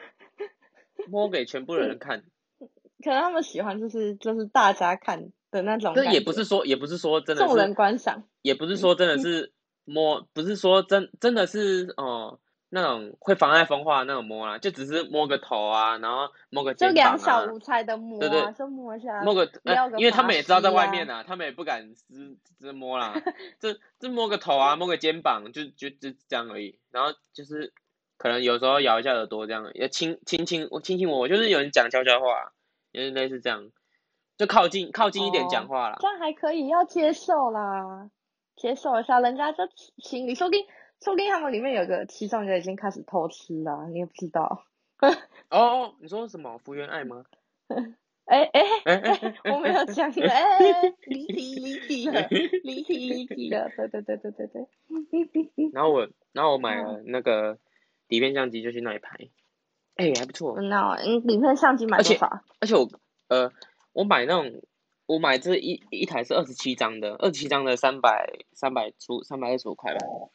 摸給全部人看，嗯。可能他們喜歡就是就是大家看的那種。這也不是說也不是說真的眾人觀賞，也不是說真的是摸，不是說真真的是哦。呃那種會妨礙風化的那種摸啦，就只是摸個頭啊，然後摸個肩膀就、啊、兩小無猜的摸、啊，對對，就摸一下。摸個、呃，因為他們也知道在外面啊，啊他們也不敢直直摸啦，就 就摸個頭啊，摸個肩膀，就就就這樣而已。然後就是，可能有時候咬一下耳朵這樣，也親親親我親親我，就是有人講悄悄話，也是類似這樣，就靠近靠近一點講話啦。哦、這樣還可以要接受啦，接受一下，人家說心你說不定。說不定他們裡面有個七上就已經開始偷吃了，你也不知道。哦哦，你說什麼？福原愛嗎？誒誒哎！我沒有講哎，離題離題離題離題的對對對對對對。然後我，然後我買了那個底片相機就是那一排，哎、欸，還不錯。那、no,，你底片相機買多少？而且，而且我，呃，我買那種，我買這一一台是二十七張的，二十七張的三百三百出三百二十五塊吧。Oh.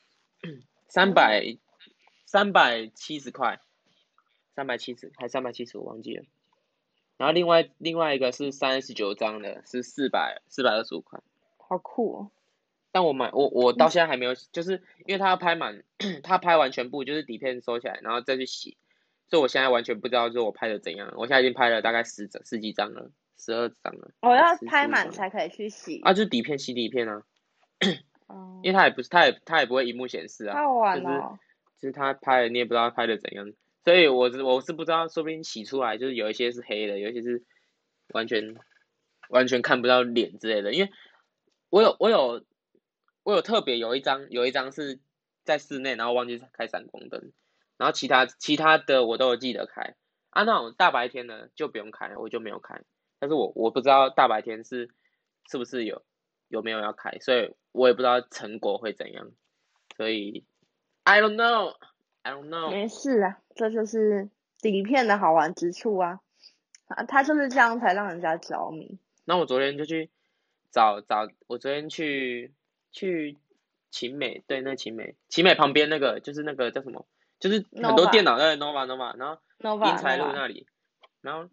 三百，三百七十塊，三百七十還三百七十我忘記了，然後另外另外一個是三十九張的，是四百四百二十五塊，好酷哦！但我買我我到現在還沒有，就是因為他要拍滿、嗯，他拍完全部就是底片收起來，然後再去洗，所以我現在完全不知道就我拍的怎樣。我現在已經拍了大概十張十幾張了，十二張了。我要拍滿才可以去洗。嗯、啊，就是底片洗底片啊。 因為他也不是，他也他也不會螢幕顯示啊，太了哦、就是其實、就是、他拍的你也不知道他拍的怎樣，所以我是我是不知道，說不定洗出來就是有一些是黑的，有一些是完全完全看不到臉之類的。因為我有，我有我有我有特別有一張有一張是在室內，然後忘記開閃光燈，然後其他其他的我都有記得開啊，那種大白天的就不用開，我就沒有開。但是我我不知道大白天是是不是有有沒有要開，所以。我也不知道成果會怎樣，所以 I don't know, I don't know。沒事啊，這就是底片的好玩之處啊，啊，他就是這樣才讓人家着迷。那我昨天就去找找，我昨天去去晴美，對，那晴美晴美旁邊那個就是那個叫什麼，就是很多電腦在 Nova, Nova Nova，然後 Nova, 英才路那裡，Nova、然後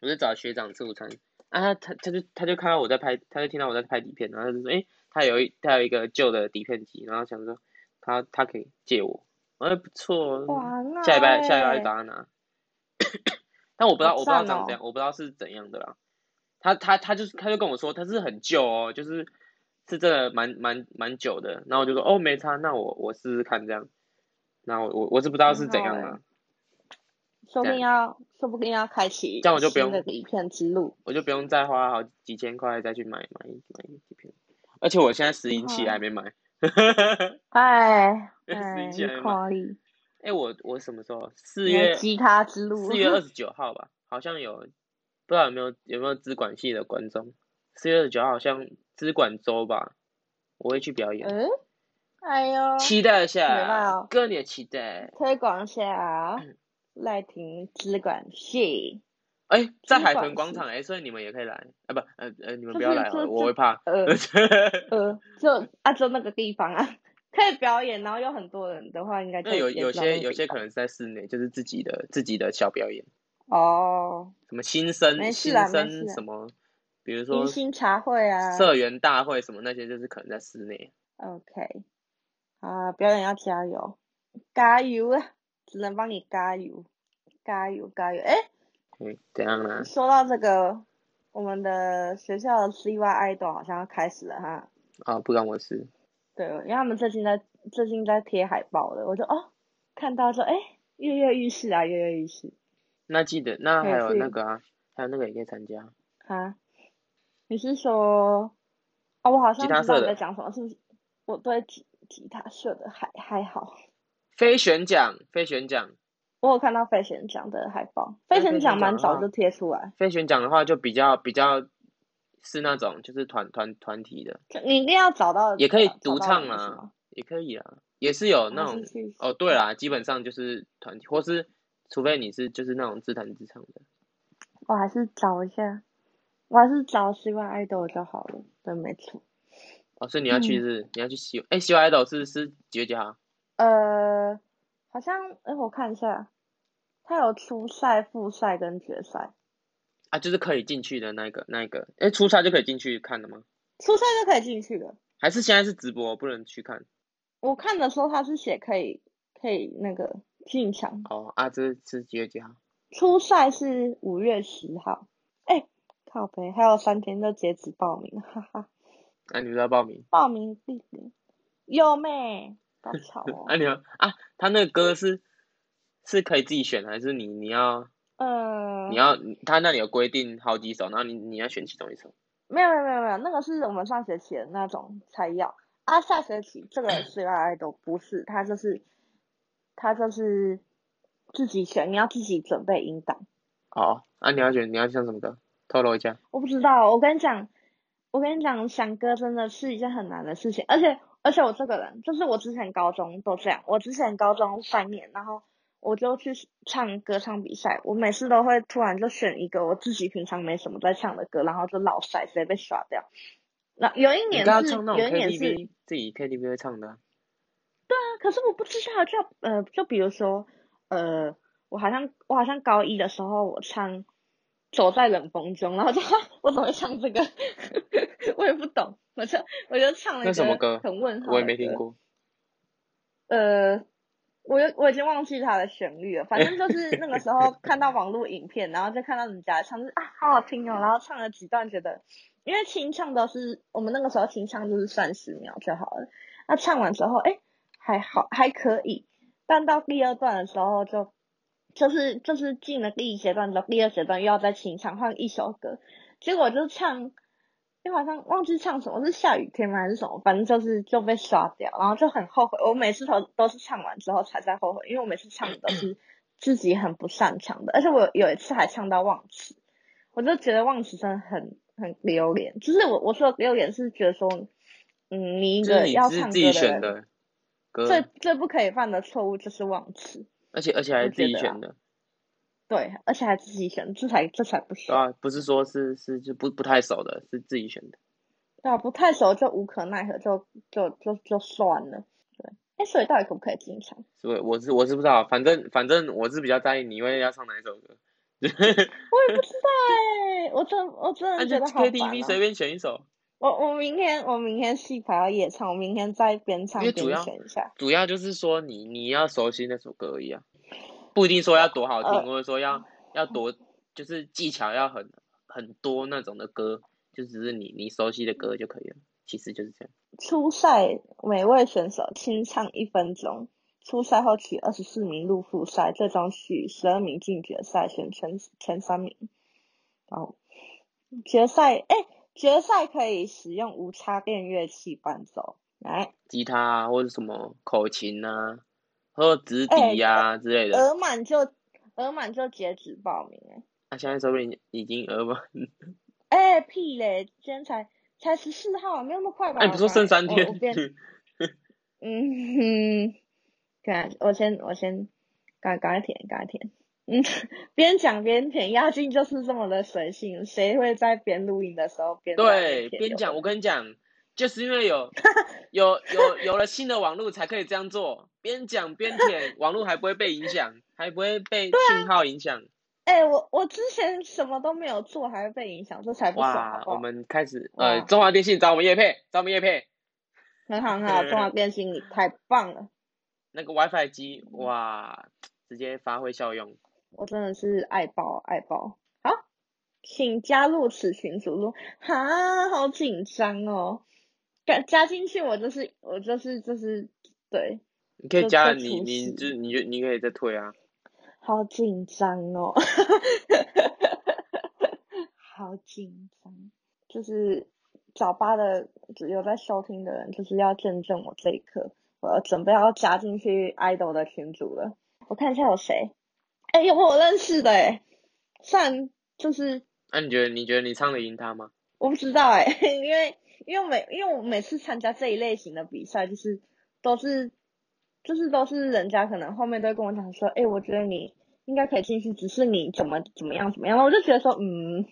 我就找學長吃午餐。啊，他他就他就看到我在拍，他就聽到我在拍底片，然後他就說，誒、欸，他有一他有一個舊的底片機，然後想說，他他可以借我，我、啊、覺得不錯哦、欸。下禮拜下禮拜找他拿， 但我不知道、哦、我不知道長怎樣，我不知道是怎樣的啦。他他他就是他就跟我說他是很舊哦，就是是真的蠻蠻蠻久的。然後我就說，哦，沒差，那我我試試看這樣。那我我我是不知道是怎樣的、啊。說不定要，說不定要開啟新的底片之路，這樣我就不用、嗯，我就不用再花好幾千塊再去買買買片，而且我現在拾音器還、嗯、 還沒買，哎，太誇張了。哎、欸，我我什麼時候四月？吉他之路。四月二十九號吧，好像有，呵呵不知道有沒有有沒有資管系的觀眾？四月二十九號好像資管週吧，我會去表演。嗯、欸，哎呦，期待一下，哥你也期待，推廣一下來、啊。 賴廷資管系，哎、欸，在海豚廣場哎、欸，所以你們也可以來，啊不，呃呃，你們不要來，我會怕。呃， 呃就按、啊、就那個地方啊， 可以表演，然後有很多人的話，應該就有有些有些可能是在室內，就是自己的自己的小表演。哦，什麼新生新生什麼，比如說迎新茶會啊，社員大會什麼那些，就是可能在室內。OK，啊，表演要加油，加油啊！只能幫你加油。加油加油！哎，對、欸嗯，怎樣呢、啊？說到這個，我們的學校的 CYidol 好像要開始了哈。啊、哦，不然我是。對，因為他們最近在最近在貼海報了，我就哦，看到說哎，躍躍欲試啊，躍躍欲試。那記得，那還有那個啊，還有、啊、那個也可以參加。哈，你是說，哦，我好像不知道你在講什麼的，是不是？我對吉吉他社的還還好。非選獎，非選獎。我有看到飛旋獎的海報，飛旋獎蠻早就貼出來。飛旋獎的、的話就比較比較是那種，就是團團團體的，就你一定要找到，也可以獨唱啊，也可以啊，也是有那種、啊、哦，對啦，基本上就是團體，或是除非你是就是那種自彈自唱的。我還是找一下，我還是找西望 idol 就好了，對，沒錯。哦，所以你要去是、嗯、你要去西誒西望 idol 是是幾月幾號？呃。好像，哎、欸，我看一下，他有初賽、複賽跟決賽，啊，就是可以進去的那個、那個，哎、欸，初賽就可以進去看了嗎？初賽就可以進去了，還是現在是直播不能去看？我看的時候他是寫可以、可以那個進場。哦啊這，這是幾月幾號？初賽是五月十號，哎、欸，靠北，還有三天就截止報名，哈哈。那、啊、你要不要報名？報名地址，優妹。搞草哦！哎 啊，你要啊，他那個歌是，是可以自己選還是你你要？嗯、呃。你要他那裡有規定好幾首，然後你你要選其中一首？沒有沒有沒有沒有，那個是我們上學期的那種才藝啊，下學期這個是應該 都不是，他就是他就是自己選，你要自己準備音檔。好、哦，啊，你要選你要唱什麼歌？透露一下。我不知道，我跟你講，我跟你講，想歌真的是一件很難的事情，而且。而且我這個人，就是我之前高中都這樣。我之前高中三年，然後我就去唱歌唱比賽，我每次都會突然就選一個我自己平常沒什麼在唱的歌，然後就老帥直接被刷掉。那有一年是剛剛有一年是自己 KTV 唱的啊。對啊，可是我不知道就呃，就比如說呃，我好像我好像高一的時候我唱《走在冷風中》，然後就 我怎麼會唱這個？ 我就唱了一首歌，很問號，我也沒聽過。呃，我我已經忘記它的旋律了，反正就是那個時候看到網絡影片， 然後就看到人家的唱，啊好好聽哦，然後唱了幾段，覺得因為清唱都是我們那個時候清唱就是三十秒就好了，那唱完之後哎，還好還可以，但到第二段的時候就就是就是進了第一階段的第二階段又要再清唱換一首歌，結果就唱。因為好像忘記唱什麼，是下雨天嗎還是什麼？反正就是就被刷掉，然後就很後悔。我每次都都是唱完之後才在後悔，因為我每次唱的都是自己很不擅長的， 而且我有一次還唱到忘詞，我就覺得忘詞真的很很丟臉。就是我我說的丟臉是覺得說，嗯，你一個要唱歌的人，的最最不可以犯的錯誤就是忘詞，而且而且還是自己選的。對，而且還自己選，這才這才不行。啊，不是說是，是是就不不太熟的，是自己選的。對、啊，不太熟就無可奈何，就就就就算了。對，哎，所以到底可不可以進唱？我我是我是不知道，反正反正我是比較在意你，因為要唱哪一首歌。 我也不知道哎、欸，我真我真的覺得好煩啊，KTV 隨便選一首。我我明天我明天戲排要演唱，我明天再邊唱邊選一下。主要就是說你，你你要熟悉那首歌而已啊。不一定說要多好聽，或者說要要多就是技巧要很很多那種的歌，就只是你你熟悉的歌就可以了。其實就是這樣。初賽每位選手清唱一分鐘，初賽後取二十四名入複賽，最終取十二名進決賽，選前前三名。然後，oh. 決賽，哎、欸，決賽可以使用無插電樂器伴奏，來，吉他啊，或者什麼口琴啊。和直抵呀、啊欸、之類的，額滿就，額滿就截止報名。啊，現在說不定已經額滿。哎、欸，屁嘞！今天才才十四號啊，沒那麼快吧？哎、欸，不是說剩三天。 嗯，對、嗯、啊，我先我先，趕快，趕快填，趕快填。嗯，邊講邊填，鴨勁就是這麼的隨性，誰會在邊錄音的時候邊填？對，邊講，我跟你講。就是因為有 有有有了新的網絡才可以這樣做，邊講邊舔，網絡還不會被影響，還不會被信號影響。哎、啊欸，我我之前什麼都沒有做，還會被影響，這才不爽好不好。哇，我們開始，呃，中華電信找我們業配。找我們業配，很好很好，中華電信你太棒了。 那個 WiFi 機，哇、嗯，直接發揮效用。我真的是愛爆愛爆。好，請加入此群組。哈、啊，好緊張哦。加進去我、就是，我就是我就是就是對。你可以加，就你你就你就你可以再退啊。好緊張哦， 好緊張！就是早八的有在收聽的人，就是要見證我這一刻，我要準備要加進去 idol 的群組了。我看一下有誰，哎、欸，有我認識的哎，、欸，算就是。那、啊、你覺得你覺得你唱得贏他嗎？我不知道哎、欸，因為。因為每因為我每次參加這一類型的比賽，就是都是，就是都是人家可能後面都跟我講說，哎、欸，我覺得你應該可以進去，只是你怎麼怎麼樣怎麼樣。我就覺得說，嗯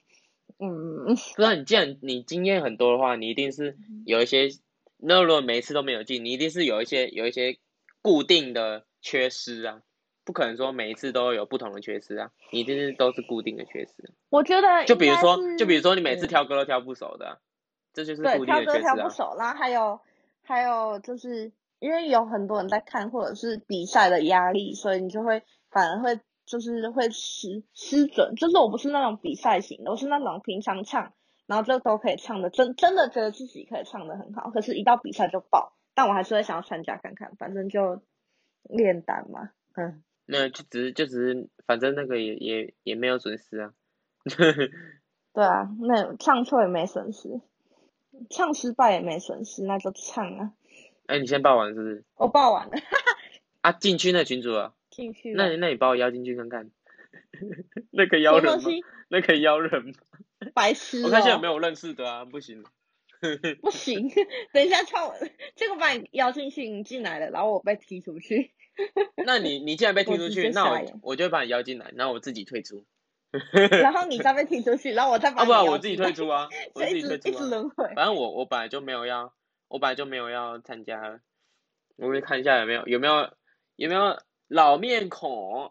嗯，不然你既然你經驗很多的話，你一定是有一些，嗯、那如果每一次都沒有進，你一定是有一些有一些固定的缺失啊，不可能說每一次都有不同的缺失啊，你一定是都是固定的缺失。我覺得，就比如說，就比如說你每次挑歌都挑不熟的、啊。嗯就是的啊、對，挑歌挑不熟，然後還有還有就是因為有很多人在看或者是比賽的壓力，所以你就會反而會就是會失失準。就是我不是那種比賽型的，我是那種平常唱，然後就都可以唱的，真真的覺得自己可以唱得很好，可是一到比賽就爆。但我還是會想要參加看看，反正就練膽嘛，嗯，那就只是就只是，反正那個也也也沒有損失啊， 對啊，那唱錯也沒損失。唱失敗也沒損失，那就唱啊。哎、欸，你先報完是不是？我報完了。 啊，進去那群主啊。進去。那，那你把我邀進去看看。 那可以邀人嗎？那可以邀人白痴、喔。我看現在有沒有認識的啊？不行。 不行，等一下唱我，這個把你邀進去你進來了，然後我被踢出去。 那你你既然被踢出去，我那我我就把你邀進來，那我自己退出。 然後你再被踢出去，然後我再把，啊不，我自己退出啊，我自己退出啊， 出啊，反正我我本來就沒有要，我本來就沒有要參加了。我給你看一下有沒有有沒有有沒有老面孔，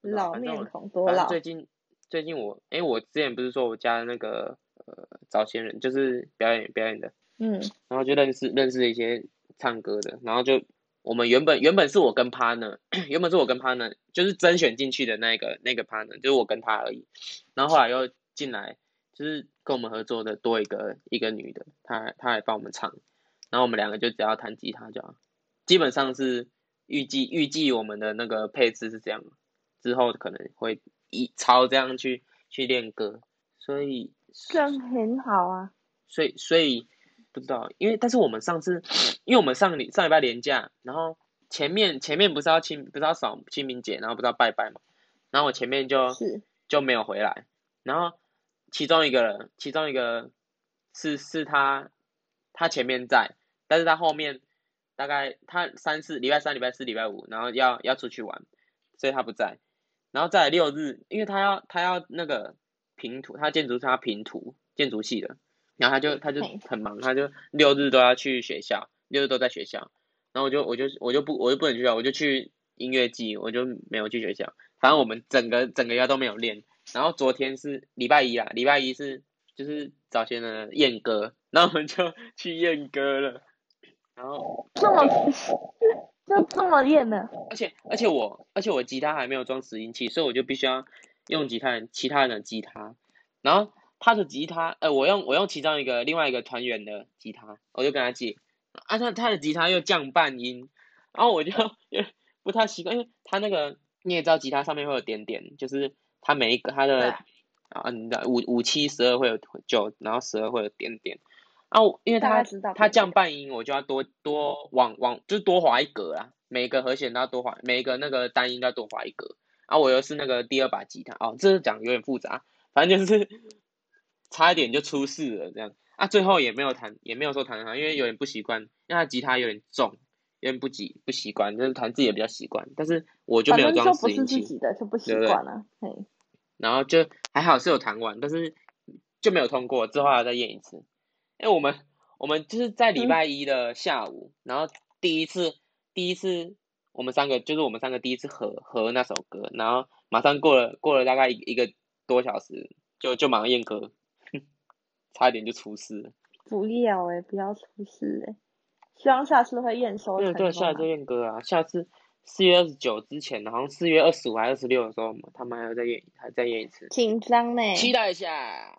老面孔多了。最近最近我誒，我之前不是說我加那個呃早先人就是表演表演的，嗯，然後就認識認識一些唱歌的，然後就。我們原本原本是我跟 partner，原本是我跟 partner，就是甄選進去的那個那個 partner，就是我跟他而已。然後後來又進來，就是跟我們合作的多一個一個女的，她她還幫我們唱。然後我們兩個就只要彈吉他，就好，基本上是預計預計我們的那個配置是這樣，之後可能會朝這樣去去練歌。所以算很好啊。所以所以。不知道，因為但是我們上次，因為我們上禮上禮拜連假，然後前面前面不是要清不是要掃清明節，然後不知道拜拜嘛，然後我前面就就沒有回來，然後其中一個人，其中一個是是他，他前面在，但是他後面大概他三四禮拜三禮拜四禮拜五，然後要要出去玩，所以他不在，然後在六日，因為他要他要那個評圖，他建築是他評圖建築系的。然後他就他就很忙，他就六日都要去學校，六日都在學校。然後我就我就我就不我就不能去學校，我就去音樂季，我就沒有去學校。反正我們整個整個月都沒有練。然後昨天是禮拜一啊，禮拜一是就是早先的宴歌，那我們就去宴歌了。然後這麼，就這麼練的。而且而且我而且我吉他還沒有裝拾音器，所以我就必須要用吉他人其他人的吉他。然後。他的吉他，呃、欸，我用我用其中一個另外一個團員的吉他，我就跟他借。啊，他他的吉他又降半音，然後我就、嗯、不太習慣，因為他那個你也知道，吉他上面會有點點，就是他每一個他的，嗯、啊，你的五五七十二會有九，然後十二會有點點。啊，因為他知道，他降半音，我就要多多往往，就是多劃一格啊。每一個和弦都要多劃，每一個那個單音都要多劃一格。啊，我又是那個第二把吉他，哦，這是講有點複雜，反正就是。差一點就出事了，這樣啊，最後也沒有彈，也沒有說彈好，因為有點不習慣，因為他吉他有點重，有點不急，不習慣，就是彈自己也比較習慣，但是我就沒有裝拾音器，不是自己的就不習慣了。對對對，然後就還好是有彈完，但是就沒有通過，之後還要再驗一次。因為我們我們就是在禮拜一的下午，嗯、然後第一次第一次我們三個就是我們三個第一次合合那首歌，然後馬上過了過了大概一個多小時，就就馬上驗歌。差一點就出事了，不要哎、欸，不要出事、欸、希望下次會驗收成功、啊、對對，下次驗歌啊，下次四月二十九之前，好像四月二十五還二十六的時候，他們還要再驗，還再驗一次。緊張呢。期待一下，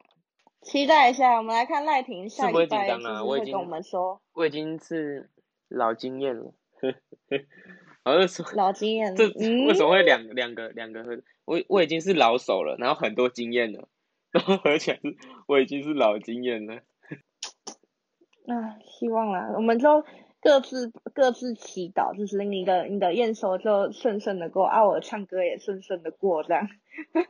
期待一下，我們來看賴廷是不會緊張啊？我已經跟我們說，我已經是老經驗了，老經驗，這為什麼會兩兩個兩個？我我已經是老手了， 了、嗯、了，然後很多經驗了。然後，而且是，我已經是老經驗了，啊。那希望啦，我們就各自各自祈禱，就是你的你的驗收就順順的過，啊，我唱歌也順順的過這樣。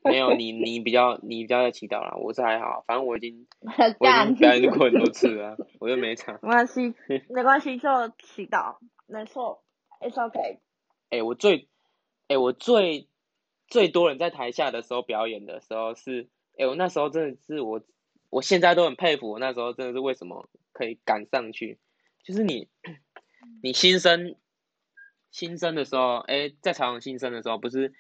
沒有，你你比較你比較要祈禱啦，我是還好，反正我已經我已經表演過很多次了， 我又就沒唱。 沒關係，沒關係，就祈禱，沒錯，It's OK，欸。誒我最，誒、欸、我最最多人在台下的時候表演的時候是。哎、欸，我那時候真的是我，我現在都很佩服我那時候真的是為什麼可以趕上去，就是你，你新生，新生的時候，哎、欸，在朝陽新生的時候，不是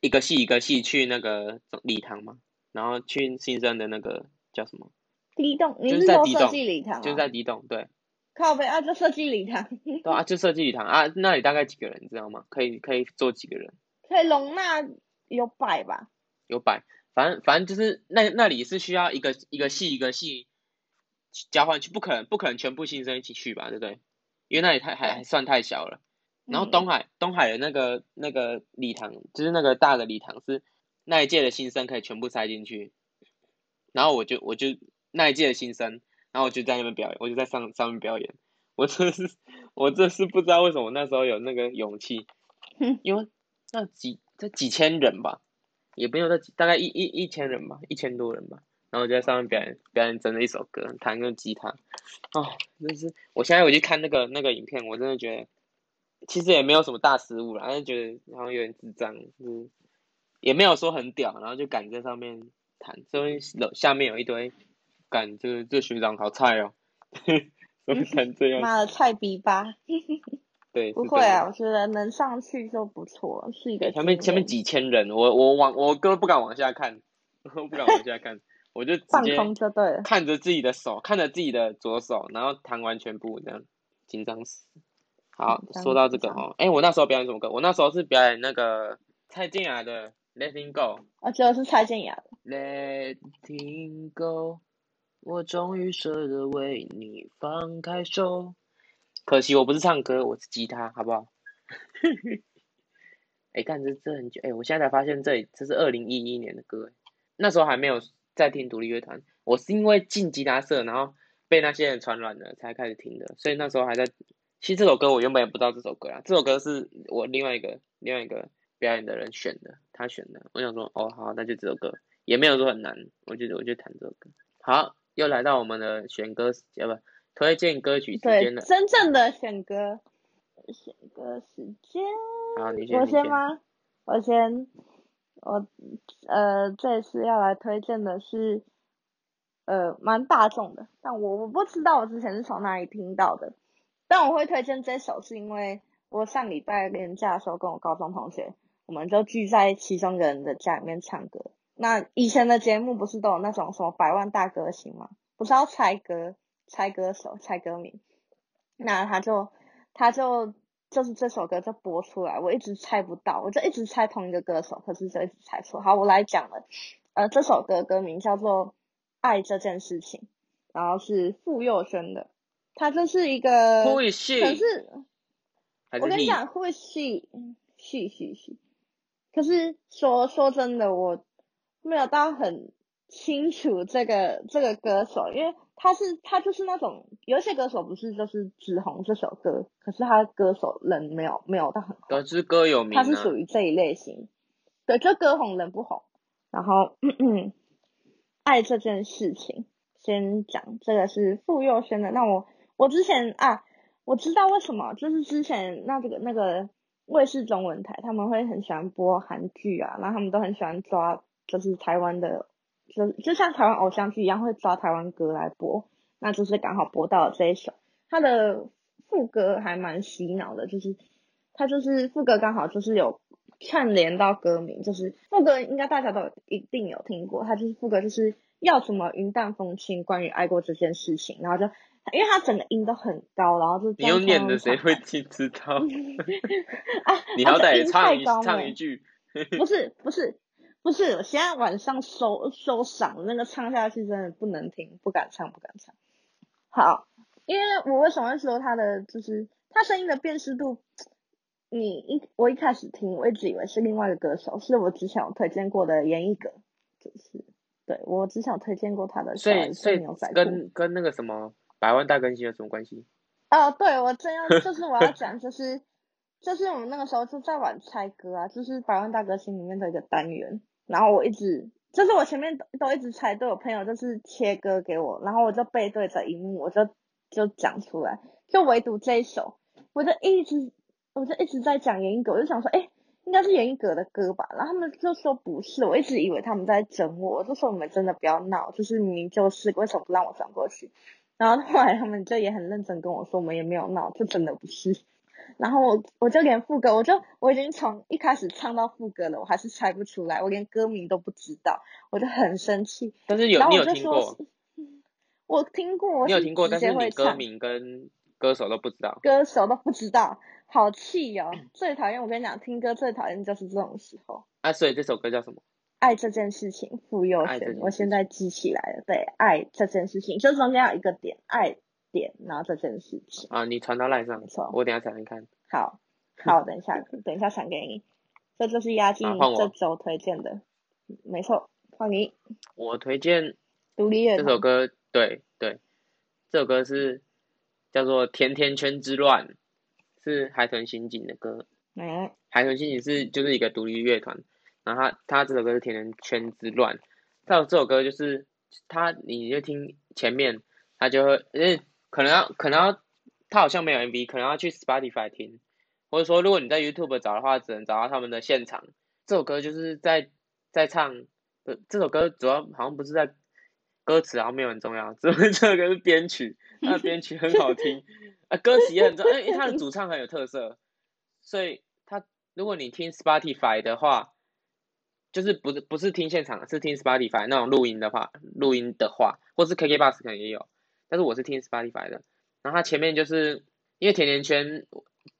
一個系一個系去那個禮堂嗎？然後去新生的那個叫什麼？D 棟，你是說設計禮堂、啊，就是、在 D 棟，對。靠北啊，就設計禮堂。對 啊，就設計禮堂啊，那裡大概幾個人，你知道嗎？可以可以坐幾個人？可以容納有百吧。有百。反正反正就是那那裡是需要一個一個系一個系交換去，不可能不可能全部新生一起去吧，對不對？因為那裡太還還算太小了。然後東海東海的那個那個禮堂，就是那個大的禮堂是，是那一屆的新生可以全部塞進去。然後我就我就那一屆的新生，然後我就在那邊表演，我就在上上面表演。我真是我真是不知道為什麼那時候有那個勇氣，因為那幾這幾千人吧。也沒有在大概一一一千人吧，一千多人吧，然後就在上面表演表演整了一首歌，彈個吉他，哦，真是！我現在回去看那個那個影片，我真的覺得其實也沒有什麼大失誤啦，就覺得好像有點智障，就是也沒有說很屌，然後就敢在上面彈。這邊樓下面有一堆，敢就是這學長好菜哦、喔，怎麼敢這樣？媽、嗯、的菜逼吧！ 對，不會啊是，我覺得能上去就不錯，是一個。前面前面幾千人，我我往我哥不敢往下看，我不敢往下看， 我就放空就對了，看着自己的手，看着自己的左手，然後彈完全部，這樣，緊張死。好，說到這個哈，哎，我那時候表演什麼歌？我那時候是表演那個蔡健雅的《Letting Go》。啊，就是蔡健雅的。Letting Go，我終於舍得為你放開手。可惜我不是唱歌，我是吉他，好不好？嘿 嘿、欸。哎，看這這很久，哎、欸，我現在才發現這裡，這裡這是二零一一年的歌，那時候還沒有在聽獨立樂團，我是因為進吉他社，然後被那些人傳染了才開始聽的，所以那時候還在。其實這首歌我原本也不知道這首歌啊，這首歌是我另外一個另外一個表演的人選的，他選的。我想說，哦，好，那就這首歌也沒有說很難，我就我就彈這首歌。好，又來到我們的選歌時間，吧推薦歌曲時間的，對，真正的選歌選歌時間。好，你先，我先嗎？你先。我先。我呃，這次要來推薦的是呃蠻大眾的，但我我不知道我之前是從哪裡聽到的。但我會推薦這首，是因為我上禮拜連假的時候跟我高中同學，我們就聚在其中一個人的家裡面唱歌。那以前的節目不是都有那種什麼百萬大歌星嗎？不是要猜歌？猜歌手，猜歌名，那他就他就就是這首歌就播出來，我一直猜不到，我就一直猜同一個歌手，可是就一直猜錯。好，我來講了，呃，這首歌歌名叫做《愛這件事情》，然後是傅又宣的，他就是一個，會是可是，是我跟你講，會是，是是是，是，可是說說真的，我沒有到很清楚這個這個歌手，因為。他是他就是那種有些歌手不是就是只紅這首歌，可是他歌手人沒有沒有到很。只是歌有名啊。他是屬於這一類型。對，就歌紅人不紅。然後，嗯嗯，愛這件事情，先講這個是傅幼軒的。那我我之前啊，我知道為什麼，就是之前那這個那個衛視中文台，他們會很喜歡播韓劇啊，然後他們都很喜歡抓，就是台灣的。就就像台灣偶像劇一樣，會抓台灣歌來播，那就是剛好播到了這一首。他的副歌還蠻洗腦的，就是他就是副歌剛好就是有串聯到歌名，就是副歌應該大家都一定有聽過。他就是副歌就是要什麼雲淡風輕，關於愛過這件事情。然後就因為他整個音都很高，然後就你用念的誰會聽知道、 啊啊，你好歹也唱、啊、唱一唱一句，不 是不是。不是不是，我現在晚上收收嗓，那個唱下去真的不能聽，不敢唱，不敢唱。好，因為我為什麼會說他的就是他聲音的辨識度，你一我一開始聽我一直以為是另外一個歌手，是我之前有推薦過的嚴藝格，就是對我之前有推薦過他的對，是牛仔跟跟那個什麼百萬大歌星有什麼關係？哦、呃，對我這樣就是我要講就是 就是我們那個時候就在玩猜歌啊，就是百萬大歌星裡面的一個單元。然後我一直就是我前面都都一直猜，都有朋友就是切歌給我，然後我就背對着熒幕，我就就講出來，就唯獨這一首，我就一直我就一直在講閻奕格，我就想說，哎，應該是閻奕格的歌吧，然後他們就說不是，我一直以為他們在整我，我就說你們真的不要鬧，就是明明就是為什麼不讓我轉過去？然後後來他們就也很認真跟我說，我們也沒有鬧，這真的不是。然後我我就連副歌，我就我已經從一開始唱到副歌了，我還是猜不出來，我連歌名都不知道，我就很生氣。但是有然後我就說，是你有聽過？嗯、我聽過，我有聽過，但是你歌名跟歌手都不知道，歌手都不知道，好氣哦！ 最討厭我跟你講，聽歌最討厭就是這種時候。啊，所以這首歌叫什麼？愛這件事情，傅又宣，我現在記起來了，對，愛這件事情， 就是中間有一個點愛。然後這件事情啊，你傳到賴上，沒錯，我等一下才能看。好，好，等一下， 等一下傳給你。這就是鴨勁這周推薦的。啊，沒錯，換你。我推薦獨立樂團這首歌，對對，這首歌是叫做《甜甜圈之亂》，是海豚刑警的歌。嗯、海豚刑警是就是一個獨立樂團，然後他他這首歌是《甜甜圈之亂》，到這首歌就是他，你就聽前面，他就會，可能要，可能要，他好像沒有 MV，可能要去 Spotify 聽，或者說如果你在 YouTube 找的話，只能找到他們的現場。這首歌就是在在唱，呃，這首歌主要好像不是在歌詞好像沒有很重要，這首歌是編曲，那編曲很好聽，啊， 歌詞也很重要，因為他的主唱很有特色，所以他如果你聽 Spotify 的話，就是不是不是聽現場，是聽 Spotify 那種錄音的話，錄音的話，或是 KKBox 可能也有。但是我是聽 Spotify 的，然後他前面就是因為甜甜圈，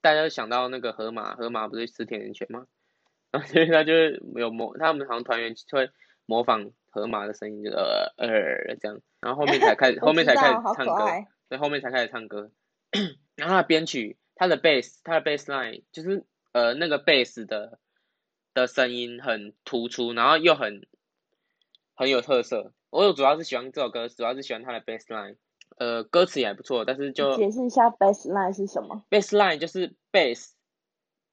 大家都想到那個河馬，河馬不是吃甜甜圈嗎？然後所以他就是有模，他，他們好像團員就會模仿河馬的聲音，就呃呃這樣，然後後面才開始，後面才開始唱歌，對，後面才開始唱歌。然後他的編曲，他的 bass，他的 bass line 就是呃那個 bass 的的聲音很突出，然後又很很有特色。我主要是喜歡這首歌，主要是喜歡他的 bass line。呃，歌詞也還不錯，但是就解釋一下，bass line 是什麼？bass line 就是 bass，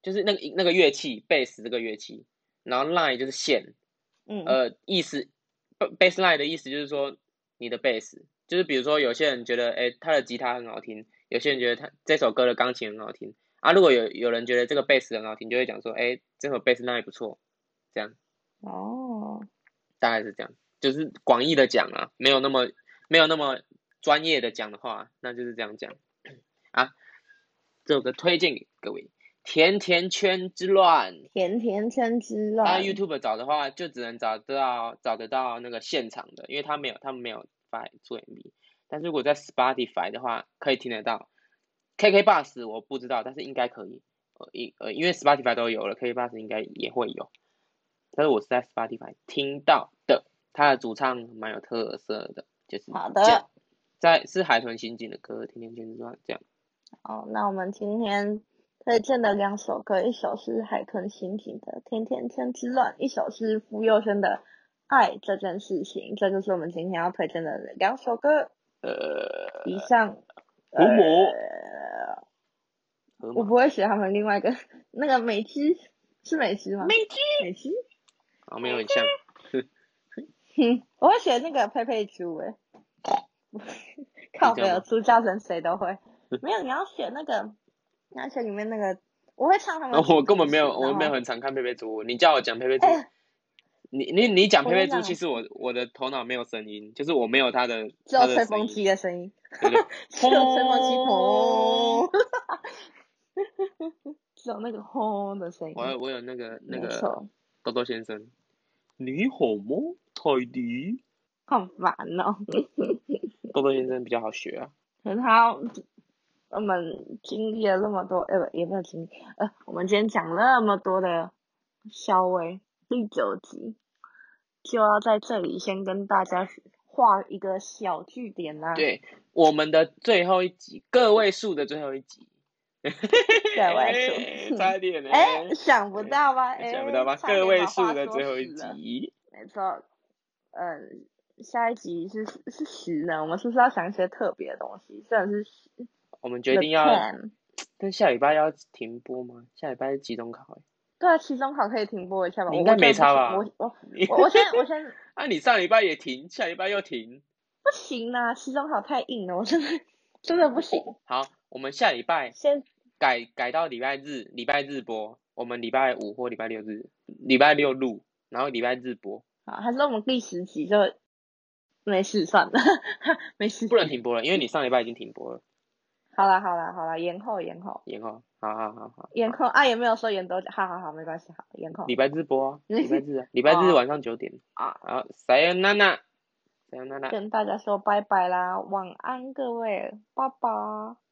就是那個那個樂器，bass 這個樂器，然後 line 就是線，嗯，呃，意思，bass line 的意思就是說你的 bass，就是比如說有些人覺得，誒、欸，他的吉他很好聽，有些人覺得他這首歌的鋼琴很好聽，啊，如果有有人覺得這個 bass 很好聽，就會講說，誒、欸，這首 bass line 不錯，這樣，哦，大概是這樣，就是廣義的講啊，沒有那麼沒有那麼。專業的講的話，那就是這樣講啊。這首歌推薦給各位，《甜甜圈之亂》。甜甜圈之亂。他、啊、YouTube 找的話，就只能找得到找得到那個現場的，因為他沒有他沒有發做 MV。但是如果在 Spotify 的話，可以聽得到。KK Bus，我不知道，但是應該可以。呃，因呃，因為 Spotify 都有了，KK Bus 應該也會有。但是我是在 Spotify 聽到的，他的主唱蠻有特色的，就是好的。在是海豚刑警的歌《天天天之亂》這樣。哦，那我們今天推薦的兩首歌，一首是海豚刑警的《天天天之亂》，一首是傅幼生的《愛這件事情》。這就是我們今天要推薦的兩首歌。呃，以上。父、呃、母。我不會寫他們另外一個那個美姬，是美姬嗎？美姬，美姬。啊，沒有很像。哼， 我會寫那個佩佩豬誒看我佩佩豬教程誰都會，沒有，你要選那個，你要選裡面那個，我會唱他們、哦。我根本沒有，我沒有很常看佩佩豬，你叫我講佩佩豬、欸，你你你講佩佩豬，其實我我的頭腦沒有聲音，就是我沒有他的。只有吹風機的聲音，音。只有吹風機。哈哈哈， 只有那個轟的聲音。我有我有那個那個。豆豆先生，你好嗎，泰迪？好煩哦。豆豆先生比較好學啊。很好，我們經歷了那麼多，呃、欸，有也沒有經歷，呃，我們今天講那麼多的稍微第九集，就要在這裡先跟大家畫一個小句點啦。對，我們的最後一集，個位數的最後一集。嘿嘿，個位數。小微，再、欸、哎、欸欸，想不到吧？欸欸、想不到吧？個位數的，的最後一集。沒錯，嗯、呃。下一集是是十呢，我們是不是要想一些特別的東西？雖然是十，我們決定要，但下禮拜要停播嗎？下禮拜是期中考哎。對啊，期中考可以停播一下吧？應該沒差吧？我我我先我先， 我先 啊！你上禮拜也停，下禮拜又停，不行啊！期中考太硬了，我真的真的不行。好，我們下禮拜先改改到禮拜日，禮拜日播。我們禮拜五或禮拜六日，禮拜六錄，然後禮拜日播。好，還是我們第十集就。沒事，算了，沒事。不能停播了，因為你上禮拜已經停播了。 好啦，好啦，好啦，延後，延後，延後，好好好好延後。啊，也沒有說延多久，好好好，沒關係，好延後。禮拜日播，啊，禮拜日，啊，禮 拜日，啊、禮拜日晚上九點。啊，好，Sayonana。Sayonana。跟大家說拜拜啦，晚安各位，拜拜。